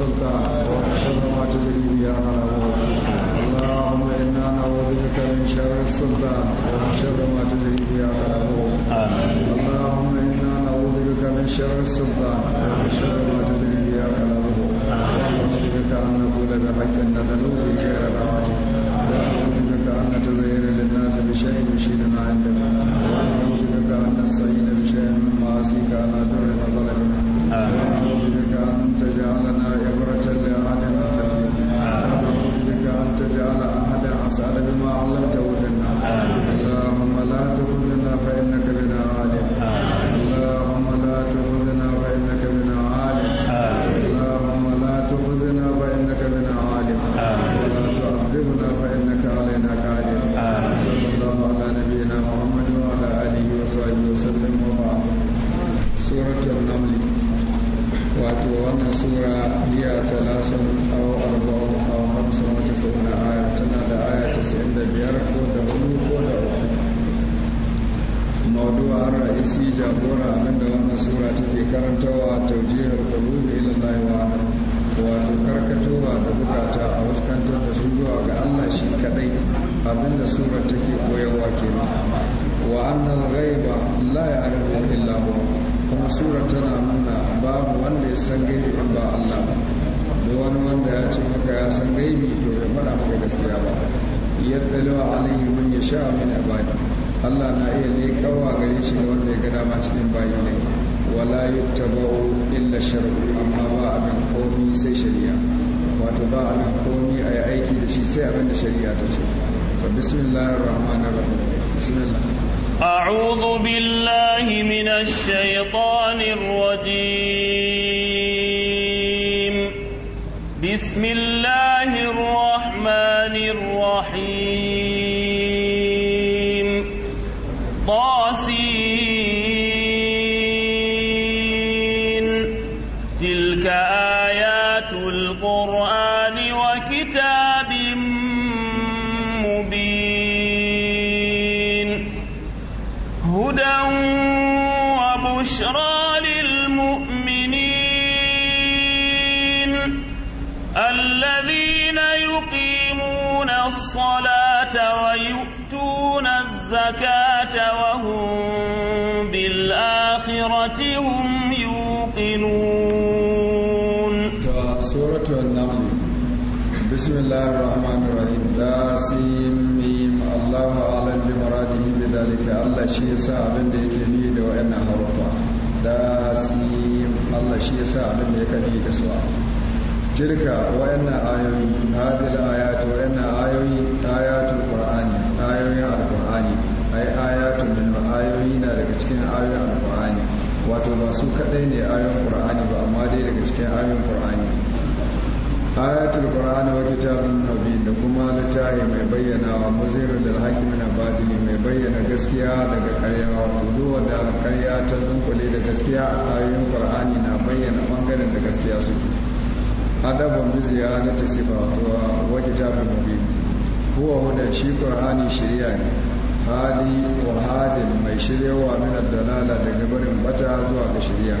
اکشرما چودہ ما آ رہا علی اللهم نہ نعوذ بك من شر السلطان اکشر ما ریتی آ على اللهم ہم نعوذ بک من شر السلطان سب alaihi man yasha min ibadi Allah na iya leƙawa gare shi ga wanda ya ga dama cikin bayi ne wala yuttaba'u illa shar'u amma ba abin komi sai shari'a wato ba abin komi a yi aiki da shi sai abin da shari'a ta ce bismillahir rahmanir rahim bismillah أعوذ بالله من الشيطان الرجيم بسم الله الرحمن الرحيم الله sa abin da yake ni da wa'annan haruffa da si Allah shi ya sa abin da ya kani da su tilka wa'annan ayoyi hadil ayatu wa'annan ayoyi ayatul qur'ani ayoyin alqur'ani ai ayatu min ayoyi na daga cikin ayoyin alqur'ani wato ba su kadai ne ayoyin qur'ani ba amma dai daga cikin ayoyin qur'ani ayatul qur'ani wa kitabun mubin da kuma littafi mai bayyana wa muzirul haqqi min abadil bayyana gaskiya daga karya wato duwa da karya ta dunkule da gaskiya a ayoyin qur'ani na bayyana bangaren da gaskiya suke adabun bi ziyarati sifatu wa kitabun mubin huwa huda shi qur'ani shari'a ne hali wa hadin mai shiryawa min dalala daga barin bata zuwa ga shari'a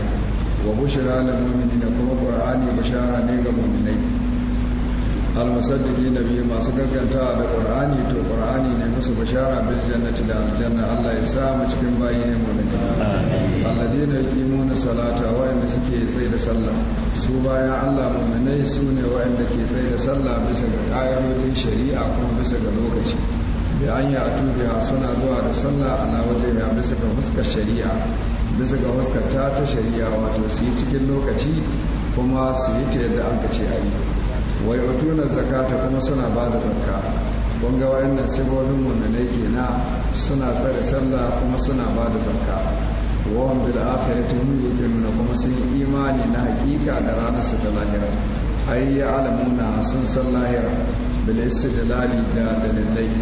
wa bushra lil mu'minina kuma qur'ani bashara ne ga mu'minai almusaddidi na biyu masu gaggantawa da ƙur'ani to ƙur'ani ne musu bashara bil jannati da aljanna Allah ya sa mu cikin bayi ne mu da alladina yuqimuna salata wa'anda suke tsaye da sallah su bayan Allah mu'minai su ne wa'anda ke tsaye da sallah bisa ga ayoyin shari'a kuma bisa ga lokaci bi an ya atubiya suna zuwa da sallah ala waje ya bisa ga fuskar shari'a bisa ga fuskar ta ta shari'a wato su yi cikin lokaci kuma su yi ta yadda an ka ce a yi wai utuna zakata kuma suna ba da zakka kun ga wayannan sifofin mu'minai kenan suna tsare sallah kuma suna ba da zakka wa hum bil akhirati hum yuqinuna kuma sun yi imani na hakika da ranar su ta lahira ai ya alamuna sun san lahira bil istidlali da dalilai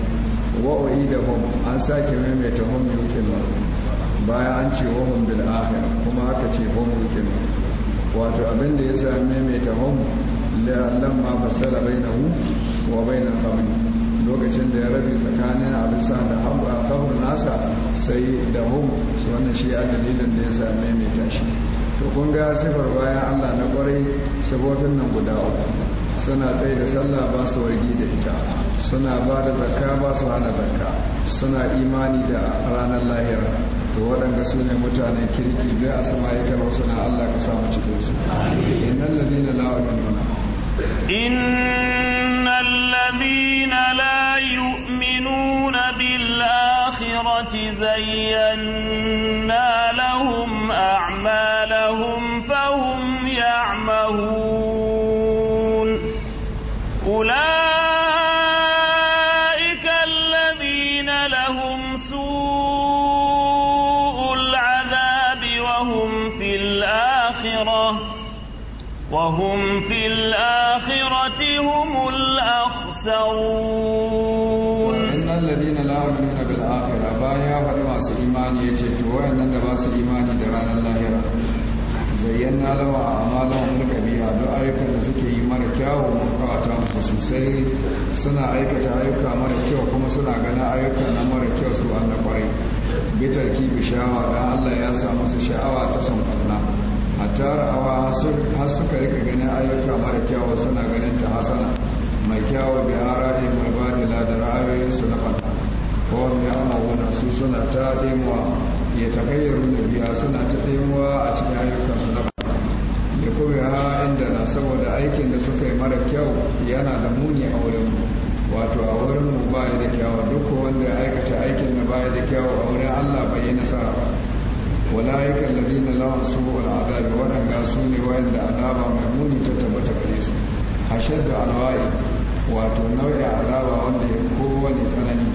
wa uidahum an sake maimaita hum yuqinuna Baya an ce wahum bil akhirah kuma aka ce hum yuqinuna wato abin da ya same mai ta hum da lamma basara bainahu wa na khamri lokacin da ya rabe tsakanin abisa da hamba nasa sai da hum wannan shi ya dalilin da ya sami mai tashi to kun ga sifar bayan Allah na kwarai sabobin nan guda uku suna tsaye da sallah ba su wargi da ita suna ba da zakka ba su hana zakka suna imani da ranar lahira to waɗanda su ne mutanen kirki bai a sama ya na Allah ka samu cikinsu innan lalina la'adun nuna إن الذين لا يؤمنون بالآخرة زينا لهم أعمالهم فهم يعمهون 'yan يخسرون وإن الذين لا يؤمنون بالآخرة بايا فرما سيماني يجد وإن دبا سيماني دران اللاهرة zayyana lawa a amalan mulkabiya duk ayyukan da suke yi mara kyawu makawata musu sosai suna aikata ayyuka mara kyau kuma suna ganin ayyukan na mara kyau su an da kwarai bitar kibi sha'awa don allah ya sa musu sha'awa ta son a tara awa har suka rika ganin ayyuka mara kyawu suna ganin ta hasana mai kyawo bi ara'i da ra'ayoyinsu na fata wa mai su suna ta ɗemuwa ya takayyaru da biya suna ta ɗemuwa a cikin su na fata da kuma haɗa inda na saboda aikin da suka yi mara kyau yana da muni a wurin wato a wurin mu ya da kyawu duk wanda ya aikata aikin da baya da kyawu a wurin Allah bai yi nasara ba walaika alladhina lawan su'ul wani wa waɗanda gasu ne da alama mai muni ta tabbata gare su da alwa'i wato nau'in azaba wanda ya kowane tsanani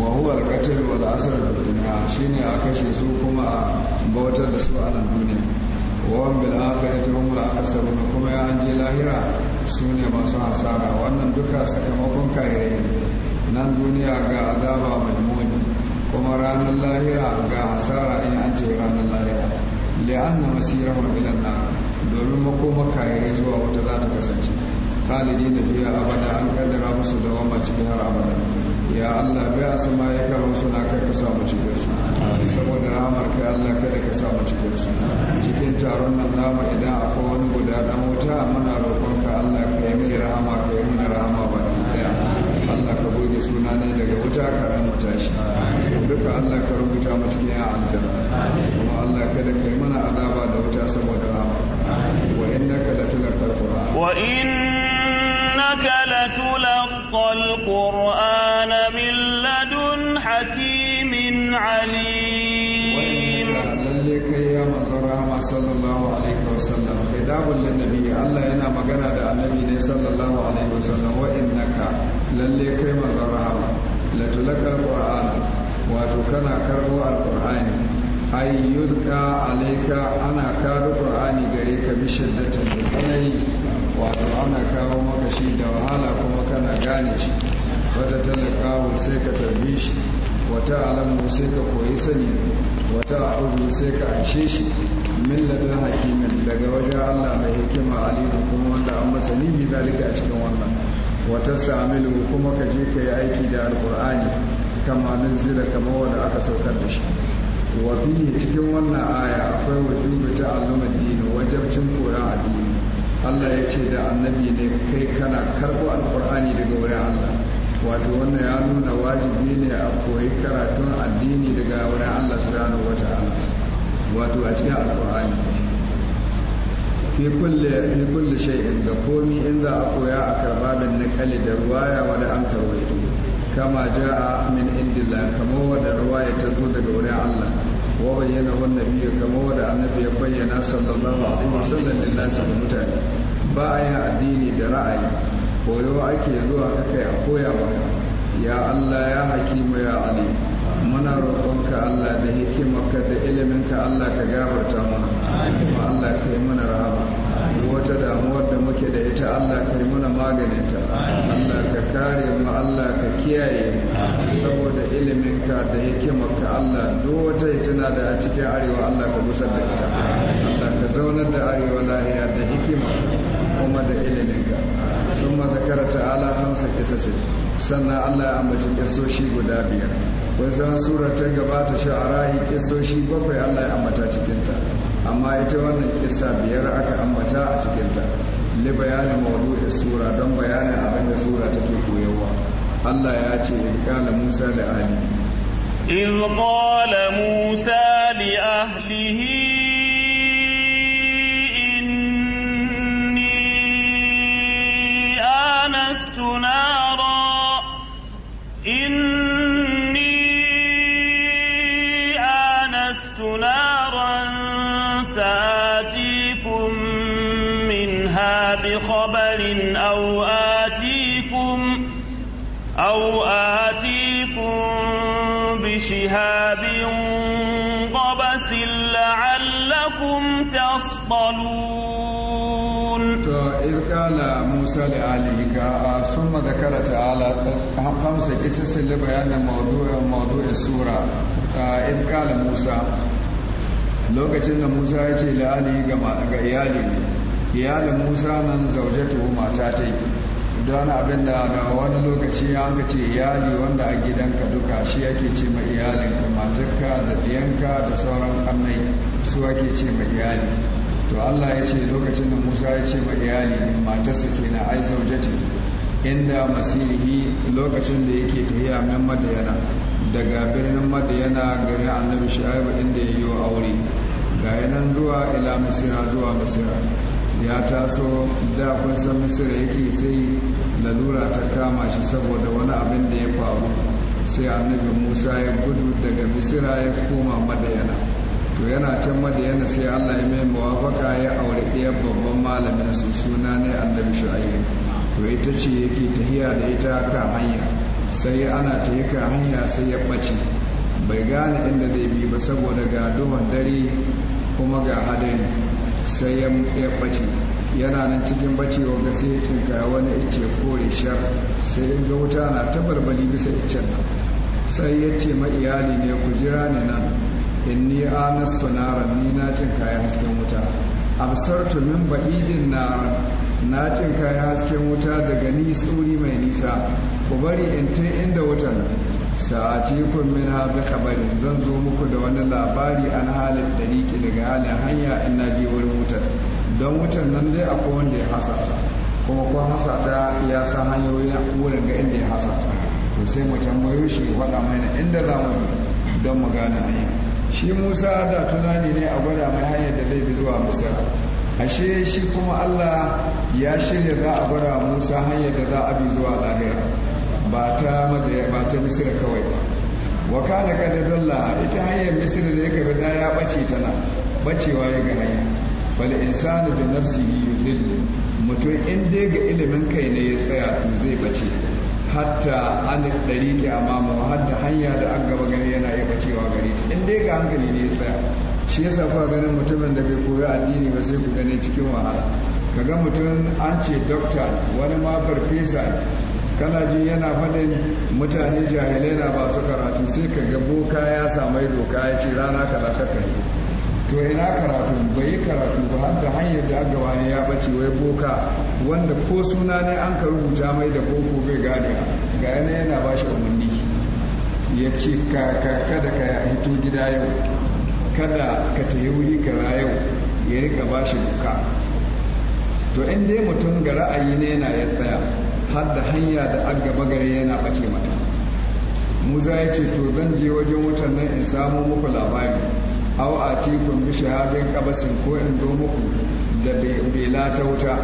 wa huwa alqatl wal asr dunya shine a kashe su kuma a bautar da su a nan duniya wa wan bil akhirati hum al da kuma ya an lahira lahira sune masu hasara wannan duka sakamakon kahirai nan duniya ga azaba mai muni kuma ranar lahira ga hasara in an ce ranar lahira li'anna masirahum ila an-nar domin makoma kahirai zuwa wata za ta kasance khalidi da biya abada an kaddara musu da wamma cikin har abada ya Allah bai sama ya karo suna kai ka samu cikin su saboda ramar kai Allah kada ka samu cikin su cikin taron nan namu idan akwai wani guda dan wuta muna roƙon ka Allah ka yi mai rahama ka yi mana rahama ki daya Allah ka goge suna ne daga wuta ka ran tashi duka Allah ka rubuta mu cikin ya aljanna kuma Allah kada ka yi mana azaba da wuta saboda ka wa innaka latulakal qur'an wa inna إنك لتلقى القرآن من لدن حكيم عليم لذلك يا مزرعة صلى الله عليه وسلم خطاب للنبي الله ينا مغنى دا النبي صلى الله عليه وسلم وإنك لذلك يا مزرعة لتلقى القرآن وتكنى كربو القرآن ai yulka alaika ana kado qur'ani gare ka bi shiddatin tsanani wato ana kawo maka shi da wahala kuma kana gane shi wata talakawa sai ka tarbe shi wata alamu sai ka koyi sani wata abu sai ka anshe shi min ladun hakimin daga wajen Allah mai hikima alimu kuma wanda an masa nibi dalika a cikin wannan wata samilu kuma ka je ka yi aiki da alkur'ani kama nuzila kama wanda aka saukar da shi wa cikin wannan aya akwai wajibi ta ad-din wajibcin koyon addini Allah ya ce da annabi ne kai kana karɓo alƙur'ani daga wurin Allah wato wannan ya nuna wajibi ne a koyi karatun addini daga wurin Allah subhanahu wata'ala wato a cikin alƙur'ani fi kulle shay'in ga komi in za a koya a karba min da ruwaya wanda an karwaito kama ja'a min indillah kamar wanda ruwaya ta zo daga wurin Allah wa bayyana wannan biyu kama da annabi ya bayyana sallallahu alaihi wasallam din nasu da mutane ba a yin addini da ra'ayi koyo ake zuwa kakai a koya maka ya Allah ya hakima ya ali muna roƙonka Allah da hikimarka da iliminka Allah ka gafarta mana kuma Allah ka yi mana rahama wata damuwar muke da ita Allah ka yi muna maganinta Allah ka kare mu Allah ka kiyaye saboda iliminka da hikimarka Allah duk wata tana da a cikin arewa Allah ka busar da ita Allah ka zaunar da arewa lahiya da hikima kuma da iliminka sun ma zakara ta'ala hamsa kisasi sannan Allah ya ambaci kisoshi guda biyar wasan sura ta gabata sha'arahi kisoshi bakwai Allah ya ambata cikinta amma ita wannan kisa biyar aka ambata a cikinta li bayanin mawdu'i sura don bayanin abin da sura take koyarwa Allah ya ce qala Musa li ahli إذ musa li ahlihi zakara ta'ala hamsa kisasin li bayanin mawdu'in mawdu'in sura in kala Musa lokacin da Musa ya ce la'ali ga iyali ne iyali Musa nan zauje zaujatu mata ta yi, don abin da na wani lokaci ya hanka ce iyali wanda a gidanka duka shi ake ce ma iyalinka matarka da biyanka da sauran annai su ake ce ma iyali to Allah ya ce lokacin da Musa ya ce ma iyali matarsa kenan ai yi. inda masirihi lokacin da yake tafiya min madayana daga birnin madayana garin annabi shu'aibu inda ya yi aure ga yanan zuwa ila misira zuwa misira ya taso da kun san misira yake sai lalura ta kama shi saboda wani abin da ya faru sai annabi musa ya gudu daga misira ya koma madayana to yana can madayana sai allah ya mai mawafaka ya aure ɗaya babban malamin su suna ne annabi shu'aibu to ita ce yake tahiya da ita ka hanya sai ana yi ka hanya sai ya ɓace bai gane inda zai bi ba saboda ga duhun dare kuma ga hadari sai ya ɓace yana nan cikin bacewa ga sai ya cinka wani ice kore shar sai ga wuta na tabarbali bisa iccen. nan sai ya ce ma iyali ne ku jira ni nan in ni anas sunaran ni na cinka ya hasken wuta absartu min ba'idin naran na cin kayan hasken wuta daga nisuri mai nisa ku bari in ce inda wutan sa'ati kun min ha bi zan zo muku da wani labari an halin dariki daga halin hanya in na je wurin wutar don wutan nan dai akwai wanda ya hasata kuma kuma hasata ya san hanyoyin wurin ga inda ya hasata to sai mu yushe shi faɗa mana inda za mu don mu gane hanya shi musa da tunani ne a gwada mai hanyar da zai bi zuwa misira ashe shi kuma Allah ya shirya za a bara musa hanyar da za a bi zuwa lahira ba ta ba ta misira kawai ba wa kana kada dalla ita hanyar misira da ya kabe da ya bace tana bacewa ya ga hanya bal insanu bi nafsihi yudillu mutum in dai ga ilimin kai ne ya tsaya to zai bace hatta an dari ke amama hatta hanya da an gaba gani yana iya bacewa gari ta in dai ga hankali ne ya tsaya shi yasa kuka ganin mutumin da bai koyi addini ba sai ku gane cikin wahala kaga mutum an ce dokta wani ma farfesa kana ji yana faɗin mutane jahilai na ba su karatu sai ka ga boka ya samai doka ya ce rana kaza ka to ina karatu bai yi karatu ba har da hanyar da aka wani ya bace wai boka wanda ko suna ne an ka rubuta mai da boko bai gane ga yana yana ba shi umarni ya ce kada ka hito gida yau kada ka tafi wuri kaza yau ya rika ba shi doka to in dai mutum ga ra'ayi ne yana ya tsaya har da hanya da an gaba gare yana bace mata musa ya ce to zan je wajen wutan nan in samo muku labari aw a tikun bi shahabin kabasin ko in zo muku da bela ta wuta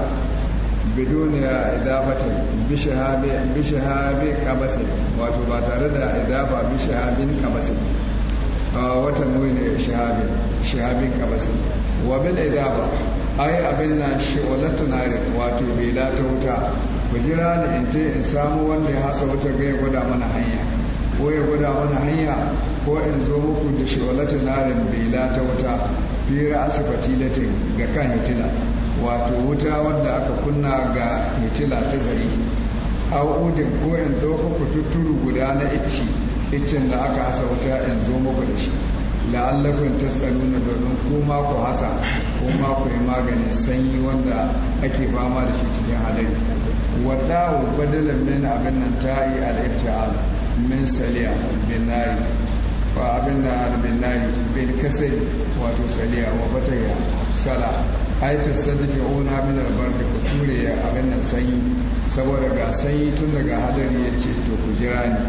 bidon ya idafata bi shahabin bi shahabin kabasin wato ba tare da idafa bi shahadin kabasin watan ne shahabin shahabin kabasin wa bil idafa ai abin nan shi shi'ulatu nari wato bela ta wuta ku jira ni in je in samu wanda ya hasa wuta ga ya gwada mana hanya ko ya gwada mana hanya ko in zo muku da shi shi'ulatu narin bela ta wuta fira da tin ga kan hitila wato wuta wanda aka kunna ga hitila ta zari wudin ko in ɗauka ku tutturu guda na icci iccen da aka hasa wuta in zo muku da shi la'allakun na domin ko ku hasa ko ku yi magani sanyi wanda ake fama da shi cikin hadari wadda badalan min abin nan ta yi al-iftial min saliya bin nari ba abin da bin nari bin kasai wato saliya wa bataya sala ai ona min al da ku ture abin nan sanyi saboda ga sanyi tun daga hadari ce to ku jira ni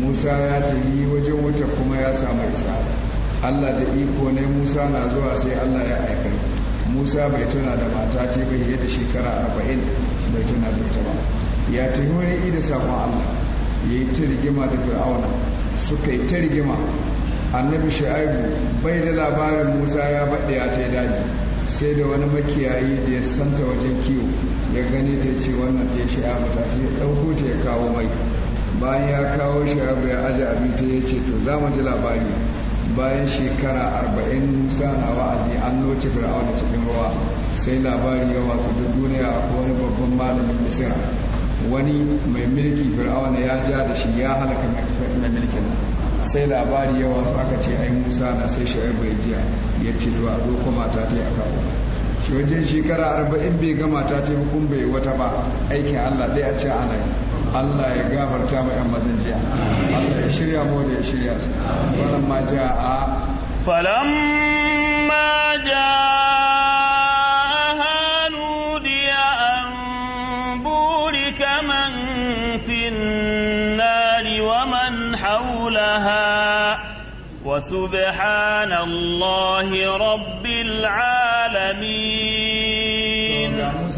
Musa ya ce yi wajen wuta kuma ya samu isa Allah da iko ne Musa na zuwa sai Allah ya aika Musa bai tuna da mata ce bai da shekara arba'in bai tuna da ita ba ya tafi wani da sakon Allah ya yi ta rigima da fir'auna suka yi ta rigima annabi shu'aibu bai da labarin Musa ya baɗe ya ta daji sai da wani makiyayi da ya santa wajen kiwo ya gani ta ce wannan da shi a mata sai ya ɗauko ta ya kawo mai bayan ya kawo shi abu ya aje abinci ya ce to za mu ji labari bayan shekara arba'in musa na wa'azi an noce fir'auna cikin ruwa sai labari ya wato duk duniya a wani babban malamin misira wani mai mulki fir'auna ya ja da shi ya halaka mai mulkin sai labari ya su aka ce ai musa na sai sha'ir bai jiya ya ce zuwa doko mata ta yi a kawo shi wajen shekara arba'in bai gama ta taimakon hukun bai wata ba aikin allah ɗaya ce ana yi Allah ya gafarta mu yan mazan jiya Allah ya shirya mu da ya shirya su falamma ja'a falamma جاءها نودي أن بورك من في النار ومن حولها وسبحان الله رب العالمين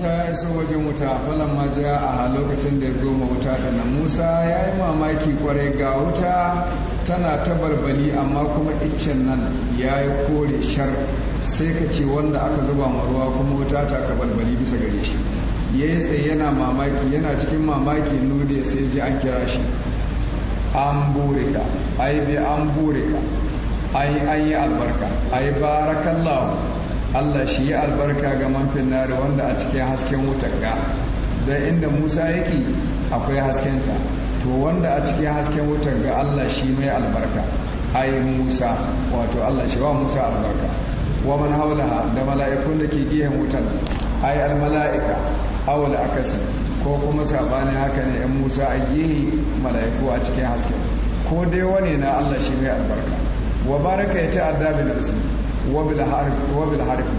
Musa ya iso wajen wuta falon maja a lokacin da ya goma ma wuta na Musa ya yi mamaki kwarai ga wuta tana ta barbali amma kuma iccen nan ya yi kore shar sai ka ce wanda aka zuba ma ruwa kuma wuta ta ka barbali bisa gare shi ya yi tsaye yana mamaki yana cikin mamaki nude sai ji an kira shi an ka ai bi an ka ai an yi albarka ai barakallahu Allah shi yi albarka ga manfin nari wanda a cikin hasken wutar ga don inda Musa yake akwai haskenta to wanda a cikin hasken wutar ga Allah shi mai albarka ai Musa wato Allah shi wa Musa albarka wa man haulaha da mala'ikun da ke gehen wutar ai al mala'ika awal akasi ko kuma sabani haka ne yan Musa a gehe mala'iku a cikin hasken ko dai wane na Allah shi mai albarka wa baraka ya ta'adda bil asli wabil harfi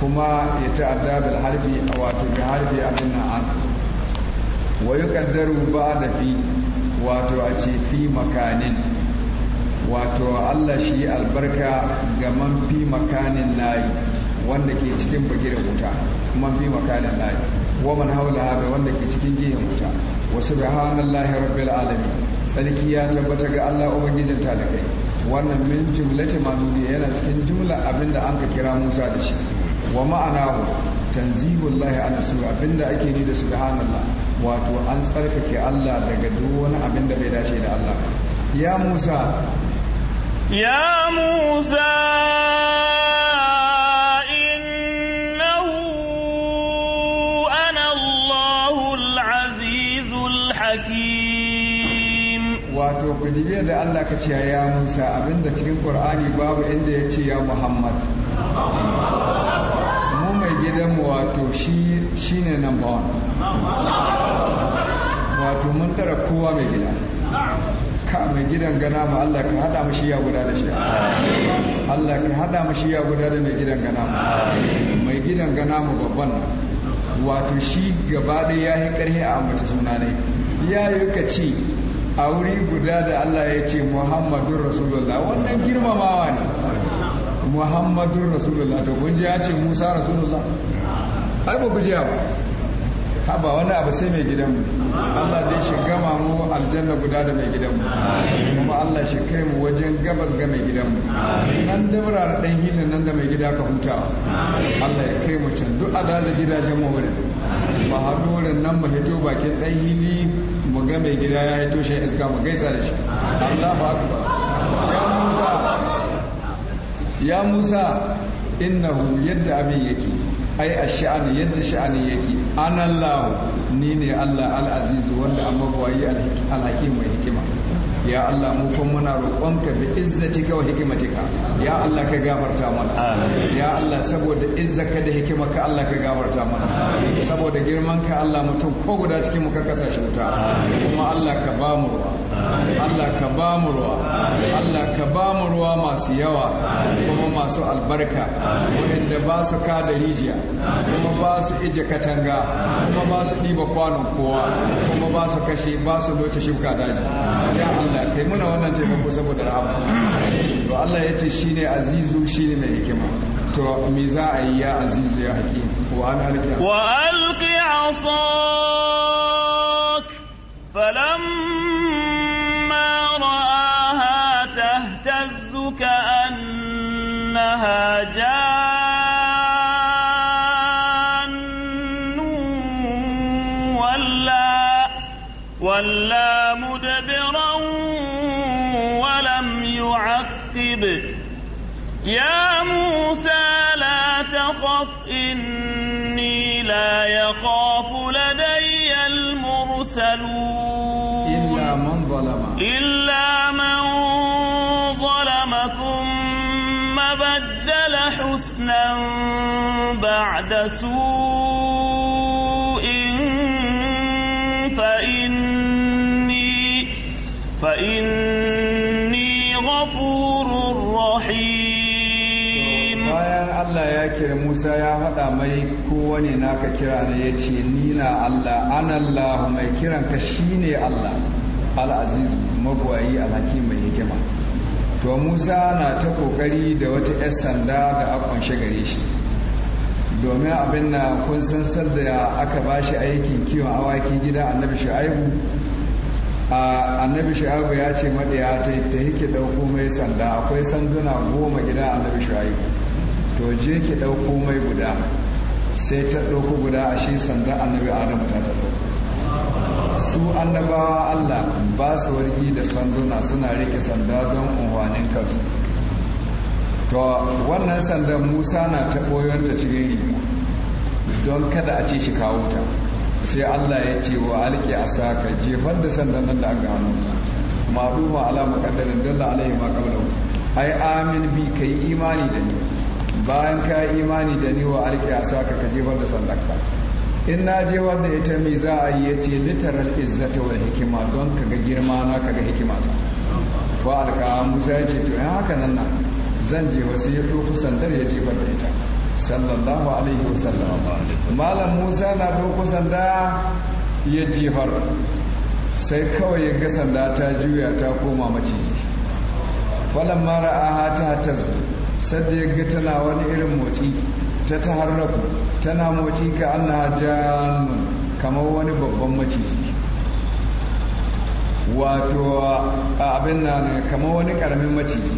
kuma ya ci bil harfi a wato bi harfi abin na an wa ba da fi wato a ce fi makanin wato Allah shi albarka ga man fi makanin nayi wanda ke cikin bagire wuta man fi makanin nayi wa man haula da wanda ke cikin gehen wuta wa subhanallahi rabbil alamin sarki ya tabbata ga Allah ubangijin talakai wannan min jumlati madudi yana cikin jumla abinda an ka kira Musa da shi wa ma'anahu tanzihullahi an su abinda ake ni da subhanallah wato an tsarkake Allah daga duk wani abin da bai dace da Allah ya Musa ya Musa ku da Allah ka ce ya Musa abinda cikin kur'ani babu inda ya ce ya Muhammad mu mai gidanmu wato shi ne number one wato mun tara kowa mai gida ka mai gidan gana ma Allah ka hada mashi ya guda da shi Allah ka hada mashi ya guda da mai gidan gana mai gidan gana mu babban wato shi gaba ya yi ƙarfi a mace suna ne ya yi ka ce a wuri guda da Allah ya ce Muhammadun Rasulullah wannan girmamawa ne Muhammadun Rasulullah to kun ji ya ce Musa Rasulullah ai ba ku ji ba haba wani abu sai mai gidanmu Allah dai shi gama mu aljanna guda da mai gidanmu kuma Allah shi kai mu wajen gabas ga mai gidanmu nan da murara dan hilin nan da mai gida ka hutawa Allah ya kai mu can duk a daza gidajen mu wurin ba haɗu wurin nan mu hito bakin dan hili ga mai gida ya yi tushen iska mu gaisa da shi Allahu ya Musa ya Musa innahu yadda abin yake ai a sha'ani yadda sha'ani yake anallahu ni ne Allah al-aziz wanda amma bawayi al-hakim mai hikima ya Allah mu kuma muna roƙonka bi izzatika wa hikmatika ya Allah ka gafarta mana ya Allah saboda izzaka da hikimarka Allah ka gafarta mana saboda girmanka Allah mutum ko guda cikin mu ka kasa shi wuta kuma Allah ka ba mu ruwa Allah ka ba mu ruwa Allah ka ba mu ruwa masu yawa kuma masu albarka wanda ba su ka da rijiya kuma ba su ije katanga kuma ba su ɗiba kwanon kowa kuma ba su kashe ba su loce shuka daji ya Allah Allah kai muna wannan taimako saboda rahama to Allah ya ce shine azizu shine mai hikima to me za a yi ya azizu ya hakim wa an alqi wa alqi asak يا موسى لا تخف إني لا يخاف لدي المرسلون إلا من ظلم إلا من ظلم ثم بدل حسنا بعد سوء Musa ya faɗa mai kowane naka kira ne ya ce ni na Allah an Allah mai kiranka shi ne Allah al'aziz magwayi alhaki mai hikima to Musa na ta kokari da wata 'yar sanda da akon gare shi domin abin na kun san sadda aka ba shi aikin kiwon awaki gida annabi shu'aibu annabi shu'aibu ya ce maɗaya ta yi ta ɗauko mai sanda akwai sanduna goma gida annabi shu'aibu to je ki ɗauko mai guda sai ta ɗauko guda a shi sanda annabi adam ta ta ɗauko su annabawa allah ba su wargi da sanduna suna rike sanda don unhwanin kansu to wannan sandan musa na ta ɓoyonta cikin riga don kada a ce shi kawo ta sai allah ya ce wa alƙi a sa ka jefar da sandan nan da aka hannu ma'aduma ala maƙaddarin dalla alaihi ma kabla ai amin bi kai imani da ni bayan ka imani da ni wa a saka ka jefar da ka in na jefar da ita mi za a yi ya ce literal izzata wa hikima don ka ga girma na ka ga hikima ta ba alka musa ya ce to in haka nan zan je wasu ya ɗauki sandar ya jefar da ita sallallahu alaihi wasallam malam musa na ɗauko sanda ya jefar sai kawai ya ga sanda ta juya ta koma maciji falan mara aha ta tazu sadda ya ga tana wani irin motsi ta taharraku tana motsi ka anna jannun kamar wani babban maciji wato abin ne kamar wani karamin maciji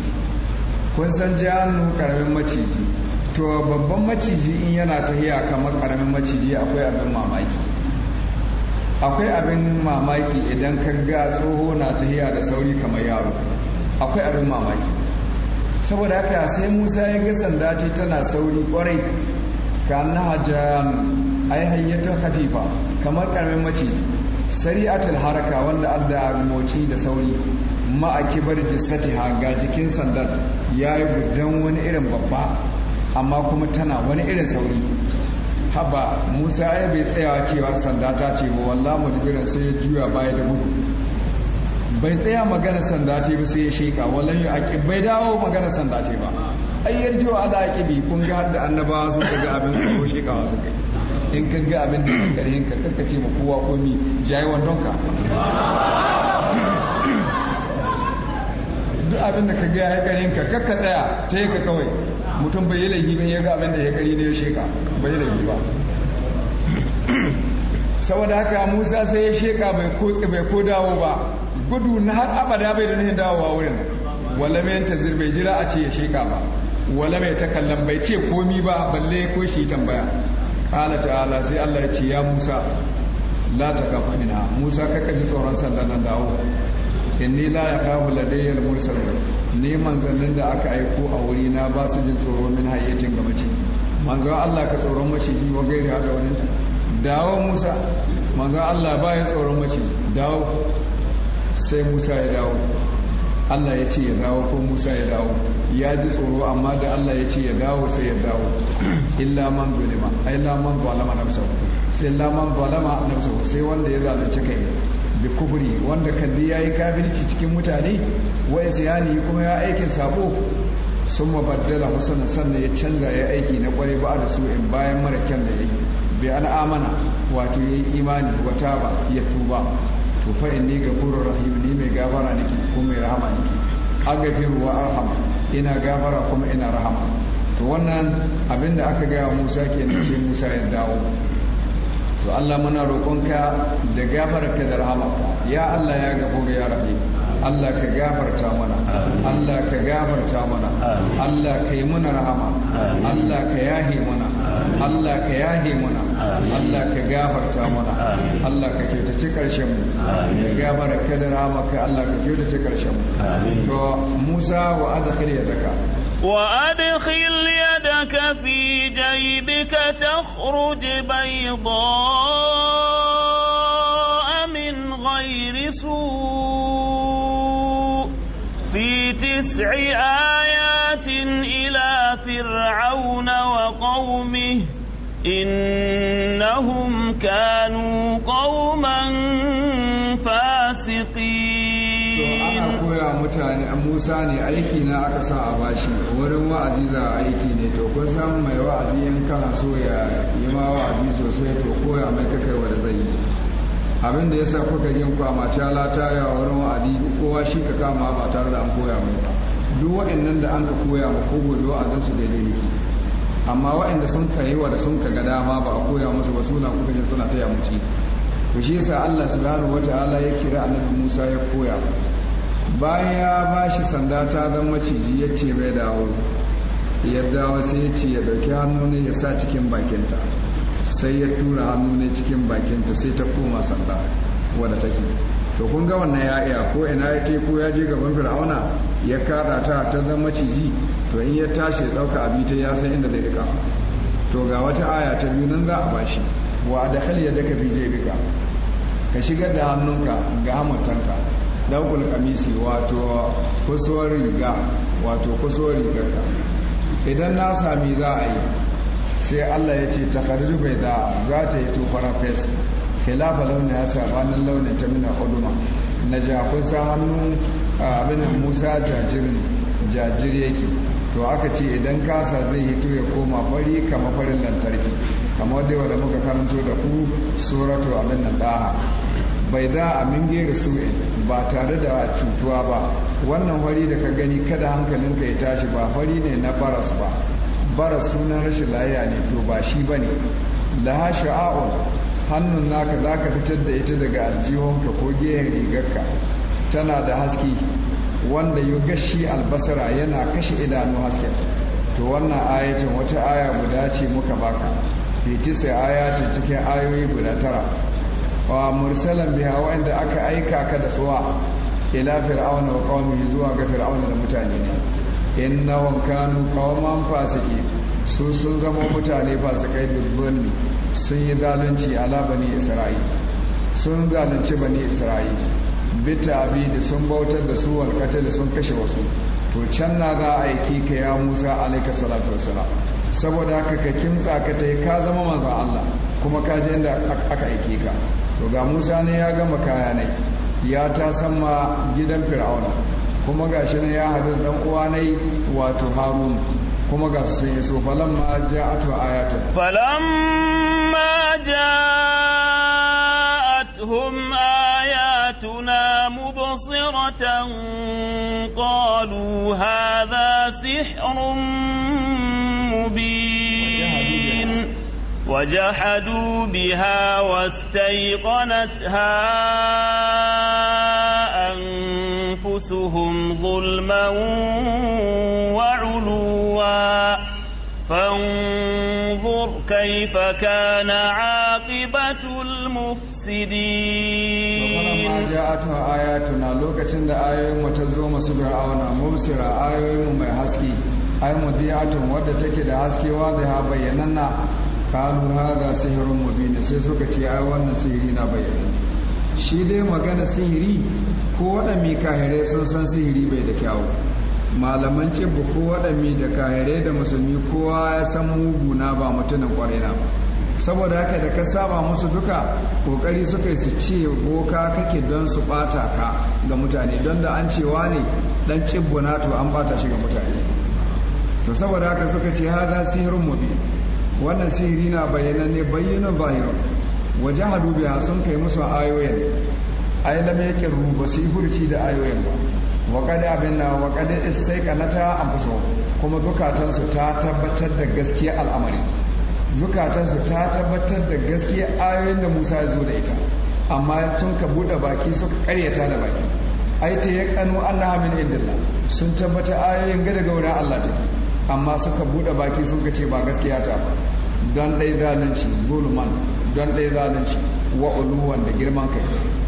kun san jannun karamin maciji to babban maciji in yana tahiya kamar karamin maciji akwai abin mamaki akwai abin mamaki idan ka ga tsoho na tahiya da sauri kamar yaro akwai abin mamaki saboda haka sai musa ya ga sanda ce tana sauri kwarai ka na hajjan ai hayyatar khatifa kamar karamin maciji sari'atul haraka wanda adda moci da sauri ma'akibar ha ga jikin sandar ya yi gudan wani irin babba amma kuma tana wani irin sauri haba musa ya bai tsayawa cewa sanda ta ce ba wallah mudbirin sai ya juya baya da gudu bai tsaya magana sanda ce ba sai ya sheka wallan ya aki bai dawo magana sanda ce ba ai yarjo ala bi kun ga da annaba annabawa ta ga abin su ko shekawa su kai in ka ga abin da ke karin ka kakkace ma kowa ko mi jayi wandon ka duk abin da ka ga ya karin ka kakka tsaya ta yi ka kawai mutum bai yi laifi bai ya ga abin da ya kare ne ya sheka bai yi laifi ba saboda haka Musa sai ya sheka bai ko dawo ba gudu na har abada bai da nihin dawowa wurin wala mai ta zirbe jira a ce ya sheka ba wala mai ta kallon bai ce komi ba balle ko shi tambaya Kala ta'ala sai Allah ya ce ya Musa la takaf minha Musa ka kaji tsoron sanda nan dawo inni la ya ladayya al-mursal ne manzannin da aka aiko a wuri na ba su jin tsoro min hayyatin ga mace manzo Allah ka tsoron mace shi wa gairi hada wani dawo Musa manzo Allah ba ya tsoron mace dawo sai musa ya dawo allah ya ce ya dawo ko musa ya dawo ya ji tsoro amma da allah ya ce ya dawo sai ya dawo illa man zulima illa man zalama nafsahu sai laman man na nafsahu sai wanda ya zalunci kai bi kufuri wanda kalli ya yi kafirci cikin mutane wa isyani kuma ya aikin sabo sun mabaddala husana sannan ya canza ya aiki na kware ba da su in bayan mara kyan da ya yi bi an amana wato ya yi imani wata ba ya tuba to fa inni gafurur rahim ni mai gafara nake ko mai rahama nake agafiru wa arham ina gafara kuma ina rahama to wannan abinda aka gaya Musa kenan sai Musa ya dawo to Allah muna roƙonka da gafararka da rahamarka ya Allah ya gafuru ya rahim Allah ka gafarta mana Allah ka gafarta mana Allah ka yi muna rahama Allah ka yahi mana Allah ka yahe muna Allah ka gafarta muna Allah ka kyautace karshen mu ya gafara ka da ramaka Allah ka kyautace karshen mu to Musa wa adkhil yadaka وأدخل يدك في جيبك تخرج بيضاء من غير سوء في تسع ila إلى wa وقومه إنهم كانوا قوما فاسقين mutane Musa ne aiki na aka sa a bashi wurin wa'azi za a aiki ne to kun san mai wa'azi in kana so ya yi ma wa'azi sosai to koya mai kakai wanda zai yi abin da yasa kuka yin kwama cala taya wurin wa'azi kowa shi ka kama ba tare da an koya mai duk wa'annan da an ka koya ma ko gobe wa'azin su daidai ne amma waɗanda sun karewa da sun ka ga dama ba a koya musu ba suna kuka jin suna taya muci to shi sa Allah subhanahu ala ya kira annabi Musa ya koya bayan ya bashi sanda ta zan maciji ya ce mai dawo ya dawo sai ya ce ya ɗauki hannu ne ya sa cikin bakinta sai ya tura hannu ne cikin bakinta sai ta koma sanda wadda take to kun ga wannan ya iya ko ina ya ko ya je gaban fir'auna ya kada ta ta zama maciji to in ya tashi ya dauka ta ya san inda zai rika to ga wata aya ta biyu nan za a bashi wa da daka yadaka fi jaybika ka shigar da hannunka ga hamutanka daukul kamisi wato kusuwar riga wato kusuwar rigarka idan na sami za a yi sai Allah ya ce ta bai za ta yi tufara fesa khilafa launi ya sabanin launin ta mina huduma na ja sa hannu abin musa jajirin jajir yake to aka ce idan kasa zai hito ya koma fari kama farin lantarki kamar dai wanda muka karanto da ku suratu abin nan daha bai da amin gera su ba tare da cutuwa ba wannan fari da ka gani kada hankalinka ya tashi ba fari ne na baras ba baras sunan rashin layya ne to ba shi ba ne laha sha'a'un hannun naka za ka fitar da ita daga aljihonka ko gehen rigarka tana da haske wanda ya gashi albasara yana kashe idanu haske. to wannan ayatin wata aya guda ce muka baka fitisa ayatin cikin ayoyi guda tara wa mursalan biha wanda aka aika ka da tsuwa ila fir'auna wa qaumihi zuwa ga fir'auna da mutane ne innahum kanu qauman fasiqin su sun zama mutane fasikai dubbanni sun yi zalunci ala bani isra'ila sun zalunci bani isra'ila bita abi da sun bautar da su walƙata da sun kashe wasu to can na za a aiki ka ya musa alaika salatu wasala saboda haka ka kimtsa ka ta ka zama manzon allah kuma ka je inda aka aiki ka to ga musa ne ya gama kaya ne ya ta sama gidan fir'auna kuma gashi ne ya haɗu ɗan uwa ne wato harun فلما جاءتهم آياتنا مبصرة قالوا هذا سحر مبين وجحدوا بها واستيقنتها أنفسهم ظلما وعلوا فانظر كيف كان عاقبة المفسدين ولما جاءتها آياتنا لوكتن دا آيوم تزوم سبرعون مبصرة آيوم ما حسكي آيوم ديعتهم ودى تكي دا حسكي واضحة بيننا قالوا هذا سحر مبين سيسوك تي آيوان سيرين بيننا shi dai magana sihiri ko waɗanne kahirai sun san sihiri bai da kyawu malaman cibba ko waɗanne da kahirai da musulmi kowa ya san mugu na ba mutumin kwarai na saboda haka da ka saba musu duka kokari suka yi su ce boka kake don su bata ka ga mutane don da an cewa ne dan cibba na to an bata shi ga mutane to saboda haka suka ce haza sihirin mubi wannan sihiri na bayyana ne bayyana bayyana waje biya sun kai musu ayoyin ai lam yake ba su yi furci da ayoyin ba wa kada abin na wa kada istai kanata an fuso kuma zukatansu ta tabbatar da gaskiya al'amari su ta tabbatar da gaskiya ayoyin da musa ya zo da ita amma sun ka buɗe baki suka karyata da baki ai ta yaqanu Allah min indillah sun tabbata ayoyin ga daga wurin Allah take amma suka buɗe baki sun ka ce ba gaskiya ta ba don dai zalunci zulman don ɗaya zalunci wa uluwan da girman kai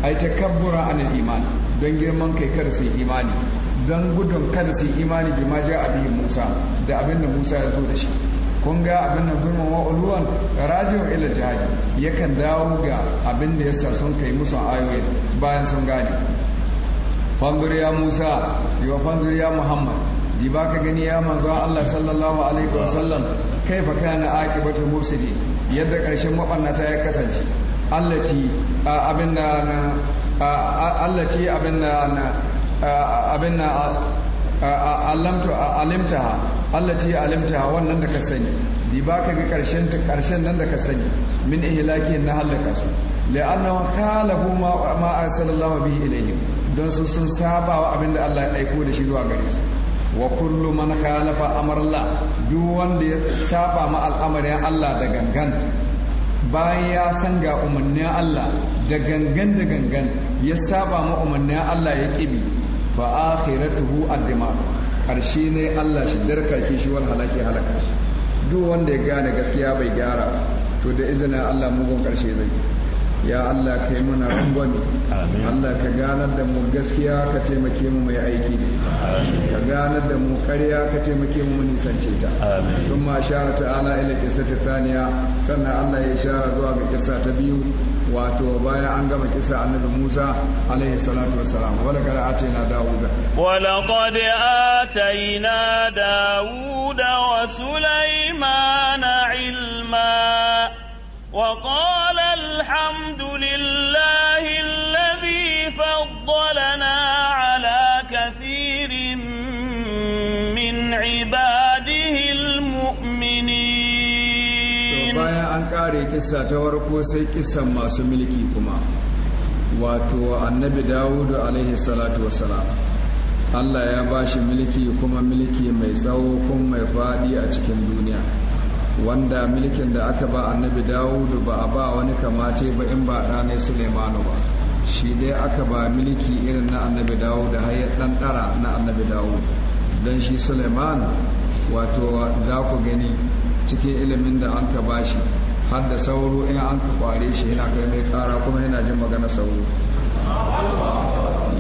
ai takabbura ana imani don girman kai kada su imani don gudun kada su imani bi ma ja abin Musa da abin da Musa ya zo da shi kun ga abin da gurman wa uluwan rajin ila ya yakan dawo ga abin da yasa sun kai musu ayoyi bayan sun gane fanzur ya Musa yo fanzur ya Muhammad di baka gani ya manzo Allah sallallahu alaihi wasallam kaifa kana aqibatu mursidin yadda ƙarshen maɓannata ya kasance allati abin da allati abin da abin da alamtu alimtaha allati alimtaha wannan da ka sani di ba ka ga ƙarshen ta ƙarshen nan da ka sani min ihlaki na halaka su la'anna wa khalafu ma ma sallallahu bihi ilayhim don su sun saba wa abin da Allah ya aiko da shi zuwa gare su wa kullu man khalafa Allah duk wanda ya saba ma al'amarin Allah da gangan bayan ya san ga umarnin Allah da gangan da gangan ya saba ma umarnin Allah ya kibi fa akhiratuhu addima karshe ne Allah shi darkake shi wal halaki halaka duk wanda ya gane gaskiya bai gyara to da izinin Allah mugun karshe zai ya Allah ka yi muna rangwami Allah ka ganar da mu gaskiya ka taimake mu mai aiki da ita ka ganar da mu ƙarya ka taimake mu nisance ta sun ma shara ala ila kisa ta saniya sannan Allah ya shara zuwa ga kisa ta biyu wato bayan an gama kisa annabi Musa alaihi salatu wassalam wala kada atayna Dawuda wala qad Dawuda wa Sulaimana ilma wa فضلنا على كثير من عباده المؤمنين بايا أن قاري كسا توركو سي كسا ما سملكي كما واتو النبي داود عليه الصلاة والسلام Allah ya ba shi miliki kuma miliki mai tsawo kuma mai faɗi a cikin duniya wanda milkin da aka ba annabi dawudu ba a ba wani kamace ba in ba ɗane suleimanu ba shi dai aka ba miliki irin na annabi dawo da hayar ɗan ɗara na annabi dawo don shi suleiman wato za ku gani cikin ilimin da an ka bashi har da sauro in an ka kware shi yana kai mai kara kuma yana jin magana sauro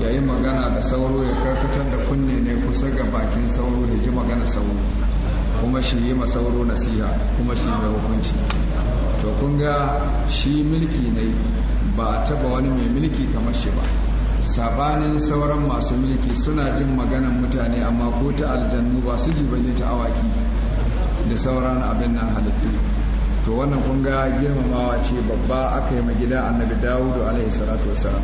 yayin magana da sauro ya karkatar da kunne ne kusa ga bakin sauro da ji magana sauro kuma shi yi ma sauro nasiha kuma shi mai hukunci to kun ga shi mulki ne ba a taba wani mai mulki kamar shi ba sabanin sauran masu mulki suna jin maganan mutane amma ko ta aljannu ba su ji bane ta awaki da sauran abin nan halittu to wannan kun ga girmamawa ce babba aka yi magida annabi dawudu alaihi salatu wasalam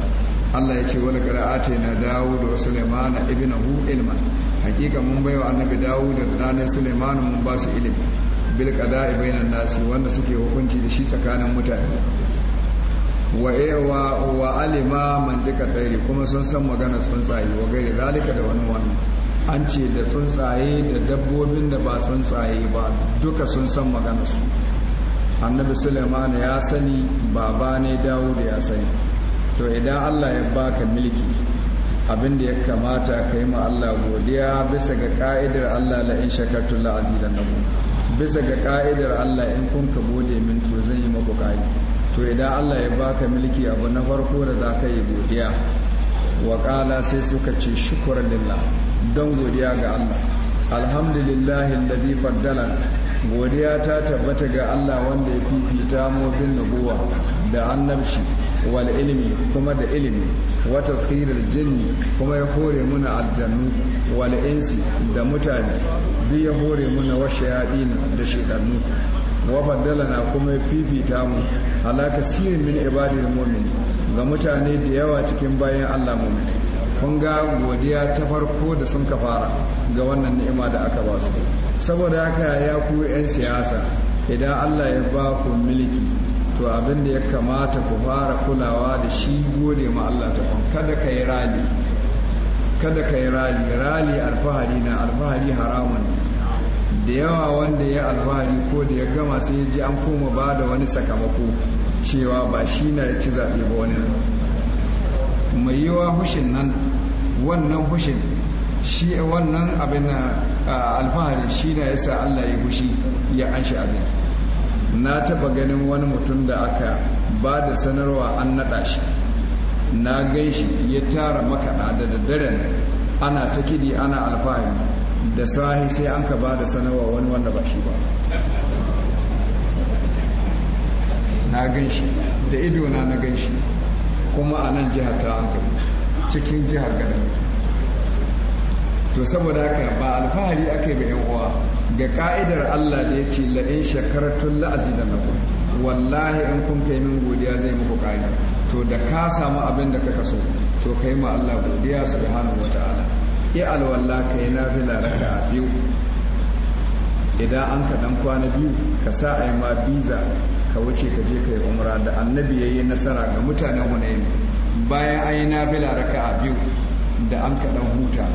Allah ya ce wani qara'ati na dawudu Suleiman sulaimana Hu ilman hakika mun baiwa annabi dawudu da ranar Suleiman mun ba su ilimi bil qada'i bainan nasi wanda suke hukunci da shi tsakanin mutane wa wa alima man dika tsairi kuma sun san magana tsuntsaye wa gari zalika da wani wani an ce da tsuntsaye da dabbobin da ba tsuntsaye ba duka sun san magana su annabi suleiman ya sani baba ne dawo ya sani to idan allah ya baka milki abin da ya kamata ka yi ma allah godiya bisa ga ka'idar allah la'in shakartun la'azi da nabu bisa ga ka'idar Allah in kun ka gode min to zan yi maku kai to idan Allah ya baka mulki abu na farko da za ka yi godiya wa sai suka ce shukur lillah don godiya ga Allah alhamdulillah alladhi faddala godiya ta tabbata ga Allah wanda ya fifita mu bin nubuwa da annabci wal ilmi kuma da ilimi wa tazkiril jinni kuma ya hore muna aljannu wal insi da mutane bi ya hore muna wa shayaɗin da shekarnu wa na kuma ya fifita mu alaka kasirin min ibadil mu'min ga mutane da yawa cikin bayan Allah mu'mini kun ga godiya ta farko da sun ka fara ga wannan ni'ima da aka ba su saboda haka ya ku 'yan siyasa idan Allah ya ba ku miliki to abin da ya kamata ku fara kulawa da shi gode ma Allah ta kun kada ka yi rali kada ka yi rali rali alfahari na alfahari haramun da yawa wanda ya alfahari ko da ya gama sai ya ji an koma ba da wani sakamako cewa ba shi na ya ci zaɓe ba wani nan mai yiwa hushin nan wannan hushin shi wannan abin alfahari shi na ya sa Allah ya hushi ya an shi abin na taba ganin wani mutum da aka ba da sanarwa an naɗa shi na gan shi ya tara maka da daren ana ta kiɗi ana alfahari da sahi sai an ka ba da sanarwa wani wanda ba shi ba na gan shi da idona na gan shi kuma a nan jihar ta an cikin jihar gadon to saboda haka ba alfahari ake ba 'yan uwa ga ka'idar Allah da ya ce la'in tun la'azi da naku wallahi in kun kai min godiya zai muku ƙari to da ka samu abin da kaka so to kai ma Allah godiya subhanahu wa ta'ala ya alwallah kai nafila raka a biyu idan an ka dan kwana biyu ka sa a yi ma biza ka wuce ka je ka yi umra da annabi ya yi nasara ga mutanen hunayen bayan an yi nafila raka a biyu da an ka dan huta